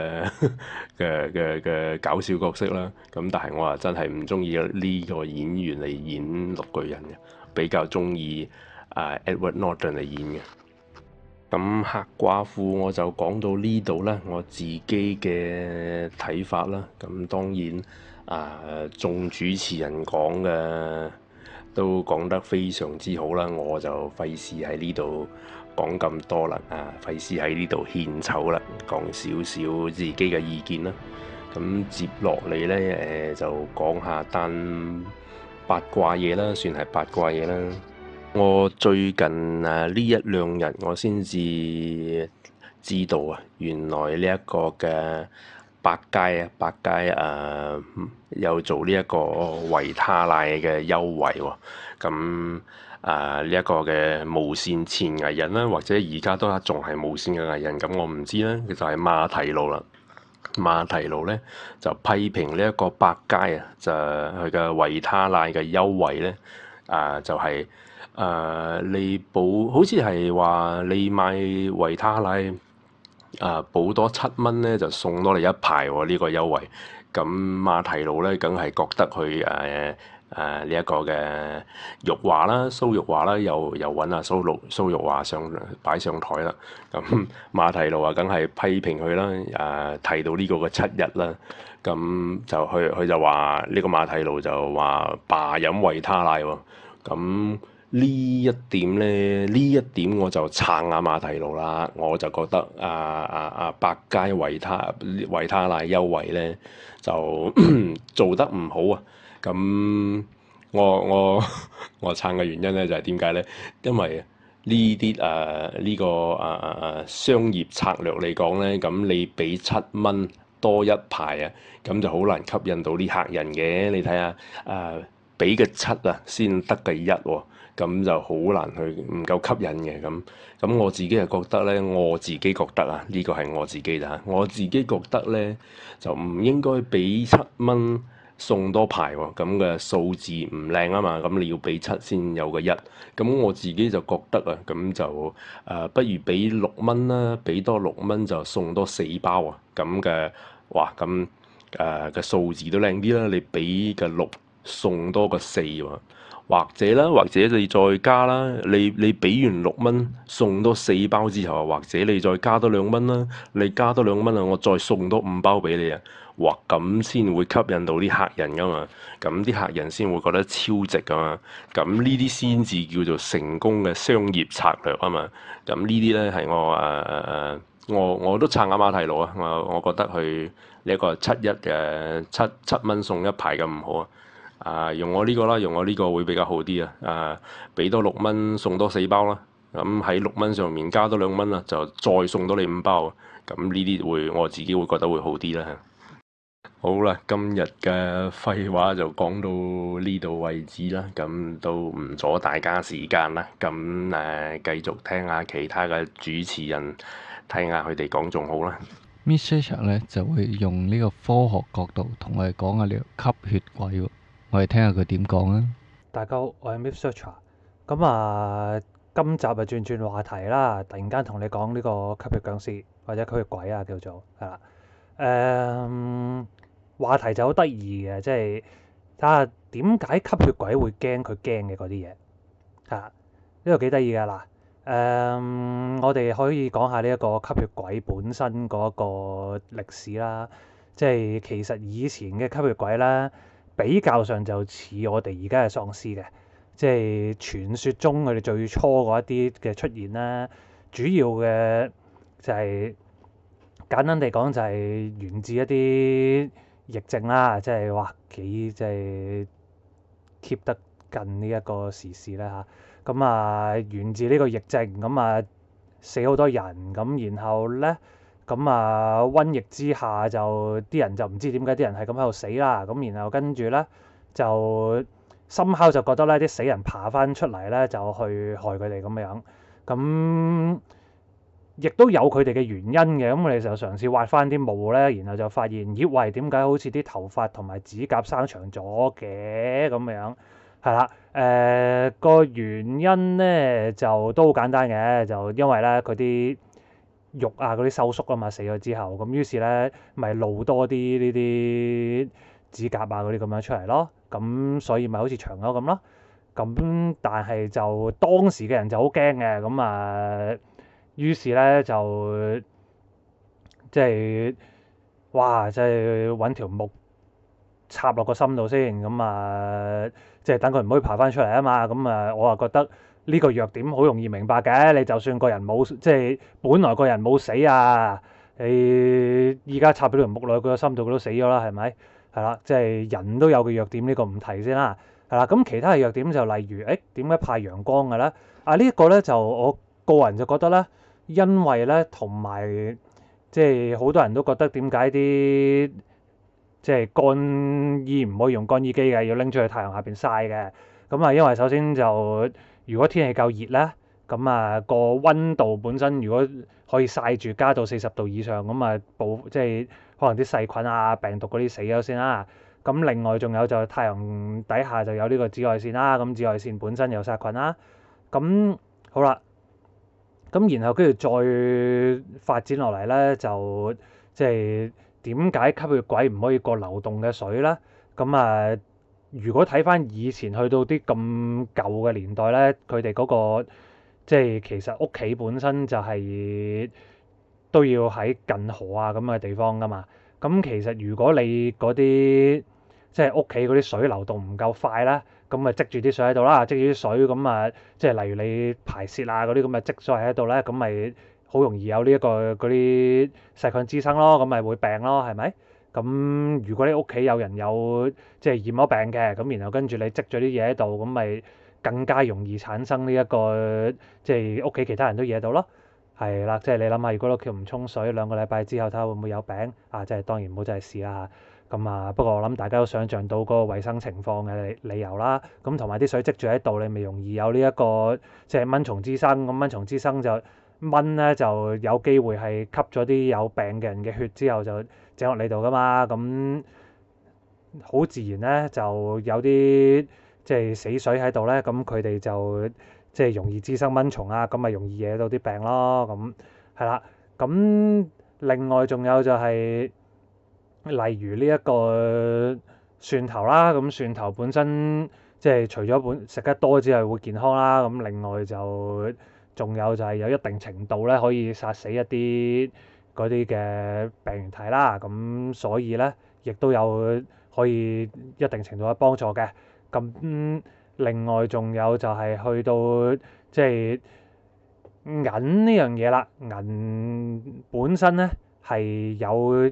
嘅嘅嘅搞笑角色啦，咁但係我啊真係唔中意呢個演員嚟演綠巨人嘅，比較中意、uh, Edward Norton 嚟演嘅。咁黑寡婦我就講到呢度啦，我自己嘅睇法啦。咁當然啊，眾主持人講嘅都講得非常之好啦，我就費事喺呢度，講咁多啦，啊，費事喺呢度獻醜啦，講少少自己嘅意見啦。咁接落嚟呢，誒、呃、就講下單八卦嘢啦，算係八卦嘢啦。我最近啊呢一兩日，我先至知道啊，原來呢一個嘅百佳啊，百佳啊，有做呢一個維他奶嘅優惠喎、哦。咁啊！呢、這、一個嘅無線前藝人啦，或者而家都仲係無線嘅藝人，咁我唔知啦。其實係馬提魯啦，馬蹄露咧就批評呢一個百佳啊，就佢嘅維他奶嘅優惠咧，啊就係啊你補，好似係話你買維他奶啊補多七蚊咧，就送多你一排喎、哦、呢、這個優惠。咁、啊、馬蹄露咧，梗係覺得佢誒。啊誒呢一個嘅玉華啦，蘇玉華啦，又又揾阿蘇露蘇玉華上擺上台、嗯、啦。咁馬蹄露啊，梗係批評佢啦。誒提到呢個嘅七日啦，咁、嗯、就佢佢就話呢、呢個馬蹄露就話罷飲維他奶喎、喔。咁、嗯、呢一點咧，呢一點我就撐下馬蹄露啦。我就覺得啊啊啊百佳維他維他奶優惠咧就， 做得唔好啊！咁我我我撐嘅原因咧就係點解咧？因為呢啲啊呢個啊啊啊商業策略嚟講咧，咁你俾七蚊多一排啊，咁就好難吸引到啲客人嘅。你睇下啊，俾嘅七啊先得嘅一喎，咁就好難去唔夠吸引嘅。咁咁我自己係覺得咧，我自己覺得啊，呢個係我自己啦。我自己覺得咧就唔應該俾七蚊。送多排喎、啊，咁嘅數字唔靚啊嘛，咁你要畀七先有個一，咁我自己就覺得啊，咁就誒、呃、不如畀六蚊啦，畀多六蚊就送多四包啊，咁嘅哇，咁誒嘅數字都靚啲啦，你畀嘅六送多個四喎、啊，或者啦，或者你再加啦，你你畀完六蚊送多四包之後、啊，或者你再加多兩蚊啦，你加多兩蚊啊，我再送多五包畀你啊。或咁先會吸引到啲客人噶嘛，咁啲客人先會覺得超值噶嘛，咁呢啲先至叫做成功嘅商業策略啊嘛。咁呢啲咧係我誒、呃、我我都撐亞馬提佬啊！我我覺得佢一、呢個七一嘅七七蚊送一排咁唔好啊。啊，用我呢個啦，用我呢個會比較好啲啊。啊，俾多六蚊送多四包啦。咁喺六蚊上面加多兩蚊啦，就再送多你五包、啊。咁呢啲會我自己會覺得會好啲啦、啊。好啦，今日嘅廢話就講到呢度為止啦，咁都唔阻大家時間啦，咁誒繼續聽下其他嘅主持人睇下佢哋講仲好啦。MythSearcher 咧就會用呢個科學角度同我哋講下呢個吸血鬼，我哋聽下佢點講啊。大家好，我係 MythSearcher，咁啊，今集啊轉轉話題啦，突然間同你講呢個吸血僵屍或者吸血鬼啊叫做係啦，誒。話題就好得意嘅，即係睇下點解吸血鬼會驚佢驚嘅嗰啲嘢，嚇呢個幾得意㗎喇。誒、啊嗯，我哋可以講下呢一個吸血鬼本身嗰個歷史啦。即係其實以前嘅吸血鬼啦，比較上就似我哋而家嘅喪屍嘅。即係傳說中佢哋最初嗰一啲嘅出現啦，主要嘅就係簡單地講就係源自一啲，疫症啦、啊，即係哇幾即係 keep 得近呢一個時事啦吓咁，啊，源自呢個疫症咁，嗯、啊死好多人咁，嗯，然後咧咁，嗯、啊瘟疫之下就啲人就唔知點解啲人係咁喺度死啦、啊。咁，嗯、然後跟住咧就心口就覺得咧啲死人爬翻出嚟咧就去害佢哋咁樣咁。嗯嗯亦都有佢哋嘅原因嘅，咁我哋就嘗試挖翻啲毛咧，然後就發現，咦喂，點解好似啲頭髮同埋指甲生長咗嘅咁樣？係啦、啊，誒、呃、個原因咧就都好簡單嘅，就因為咧佢啲肉啊嗰啲收縮啊嘛，死咗之後，咁於是咧咪露多啲呢啲指甲啊嗰啲咁樣出嚟咯，咁所以咪好似長咗咁咯。咁但係就當時嘅人就好驚嘅，咁啊～於是咧就即係哇，即係揾條木插落個心度先，咁啊即係等佢唔可以爬翻出嚟啊嘛。咁啊，我啊覺得呢個弱點好容易明白嘅。你就算個人冇即係本來個人冇死啊，你依家插俾條木落去佢個心度，佢都死咗啦，係咪？係啦，即係人都有嘅弱點，呢個唔提先啦。係啦，咁其他嘅弱點就例如誒點解怕陽光㗎咧？啊呢一個咧就我個人就覺得咧。因為咧，同埋即係好多人都覺得點解啲即係乾衣唔可以用乾衣機嘅，要拎出去太陽下邊曬嘅。咁、嗯、啊，因為首先就如果天氣夠熱咧，咁啊個溫度本身如果可以曬住，加到四十度以上，咁啊保即係可能啲細菌啊、病毒嗰啲死咗先啦、啊。咁、嗯、另外仲有就太陽底下就有呢個紫外線啦、啊。咁、嗯、紫外線本身有殺菌啦、啊。咁、嗯、好啦。咁然後跟住再發展落嚟咧，就即係點解吸血鬼唔可以過流動嘅水咧？咁啊，如果睇返以前去到啲咁舊嘅年代咧，佢哋嗰個即係、就是、其實屋企本身就係都要喺近河啊咁嘅地方㗎嘛。咁其實如果你嗰啲即係屋企嗰啲水流動唔夠快啦，咁咪積住啲水喺度啦，積住啲水咁啊，即係例如你排泄啊嗰啲咁嘅積咗喺度咧，咁咪好容易有呢一個嗰啲細菌滋生咯，咁咪會病咯，係咪？咁如果你屋企有人有即係染咗病嘅，咁然後跟住你積咗啲嘢喺度，咁咪更加容易產生呢一個即係屋企其他人都惹到咯。係啦，即係你諗下，如果屋企唔沖水兩個禮拜之後，睇下會唔會有病啊？即係當然唔好真係試啦。咁啊，不過我諗大家都想像到嗰個衞生情況嘅理理由啦。咁同埋啲水積住喺度，你咪容易有呢一個即係蚊蟲滋生。咁蚊蟲滋生就蚊咧就有機會係吸咗啲有病嘅人嘅血之後就整落你度㗎嘛。咁好自然咧就有啲即係死水喺度咧。咁佢哋就即係容易滋生蚊蟲啊。咁咪容易惹到啲病咯。咁係啦。咁另外仲有就係。例如呢一個蒜頭啦，咁蒜頭本身即係除咗本食得多之外會健康啦，咁另外就仲有就係有一定程度咧可以殺死一啲嗰啲嘅病原體啦，咁所以咧亦都有可以一定程度嘅幫助嘅。咁另外仲有就係去到即係銀呢樣嘢啦，銀本身咧係有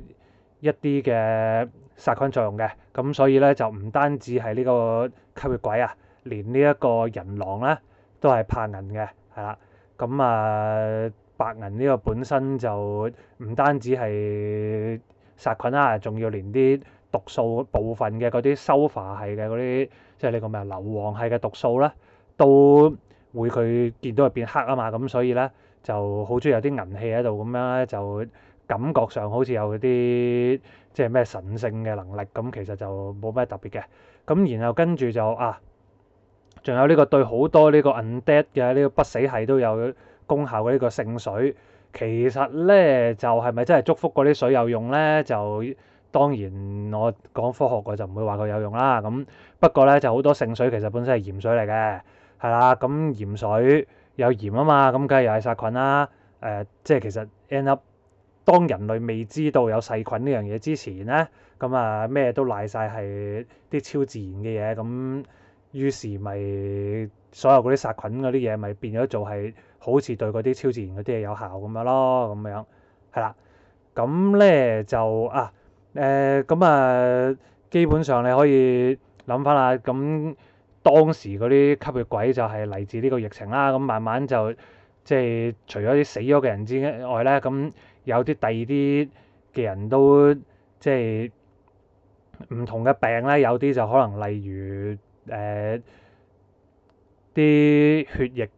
一啲嘅殺菌作用嘅，咁所以咧就唔單止係呢個吸血鬼啊，連呢一個人狼咧都係怕銀嘅，係啦。咁啊，白銀呢個本身就唔單止係殺菌啦、啊，仲要連啲毒素部分嘅嗰啲收化係嘅嗰啲，即係呢個咩硫磺係嘅毒素咧，都會佢見到佢變黑啊嘛。咁所以咧就好中意有啲銀器喺度咁樣咧就。感覺上好似有啲即係咩神性嘅能力，咁其實就冇咩特別嘅。咁然後跟住就啊，仲有呢個對好多呢個 undead 嘅呢、呢個不死系都有功效嘅呢個聖水。其實咧就係、是、咪真係祝福嗰啲水有用咧？就當然我講科學我就唔會話佢有用啦。咁不過咧就好多聖水其實本身係鹽水嚟嘅，係啦。咁鹽水有鹽啊嘛，咁梗係又係殺菌啦。誒、呃，即係其實 end up。當人類未知道有細菌呢樣嘢之前咧，咁啊咩都賴晒係啲超自然嘅嘢，咁於是咪所有嗰啲殺菌嗰啲嘢咪變咗做係好似對嗰啲超自然嗰啲嘢有效咁樣咯，咁樣係啦。咁咧就啊誒咁、呃、啊，基本上你可以諗翻下，咁當時嗰啲吸血鬼就係嚟自呢個疫情啦。咁慢慢就即係除咗啲死咗嘅人之外咧，咁。有啲第二啲嘅人都即係唔同嘅病咧，有啲就可能例如誒啲、呃、血液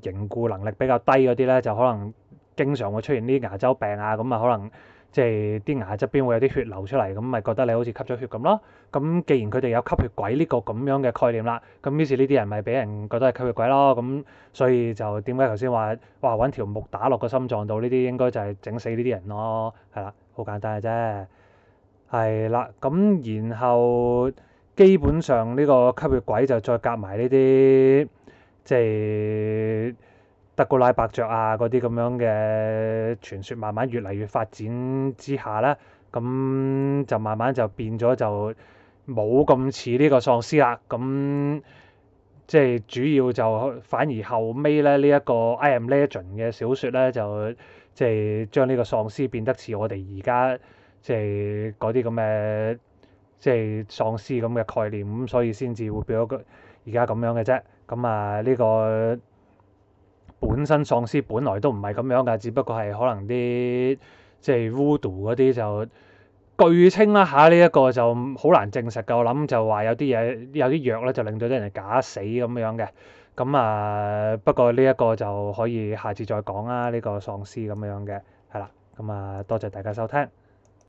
嘅凝固能力比較低嗰啲咧，就可能經常會出現啲牙周病啊，咁啊可能。即係啲牙側邊會有啲血流出嚟，咁咪覺得你好似吸咗血咁咯。咁既然佢哋有吸血鬼呢個咁樣嘅概念啦，咁於是呢啲人咪俾人覺得係吸血鬼咯。咁所以就點解頭先話哇揾條木打落個心臟度？呢啲應該就係整死呢啲人咯。係啦，好簡單嘅啫。係啦，咁然後基本上呢個吸血鬼就再夾埋呢啲，即係。德古拉伯爵啊，嗰啲咁樣嘅傳說慢慢越嚟越發展之下咧，咁就慢慢就變咗就冇咁似呢個喪屍啦。咁即係主要就反而後尾咧呢一個 I Am Legend 嘅小說咧，就即係將呢個喪屍變得似我哋而家即係嗰啲咁嘅即係喪屍咁嘅概念，咁所以先至會變咗而家咁樣嘅啫。咁啊呢個。本身喪屍本來都唔係咁樣㗎，只不過係可能啲即係 Voodoo 嗰啲就據稱啦嚇，呢一個就好難證實嘅。我諗就話有啲嘢有啲藥咧，就令到啲人假死咁樣嘅。咁啊，不過呢一個就可以下次再講啊。呢、這個喪屍咁樣嘅係啦。咁啊，多謝大家收聽。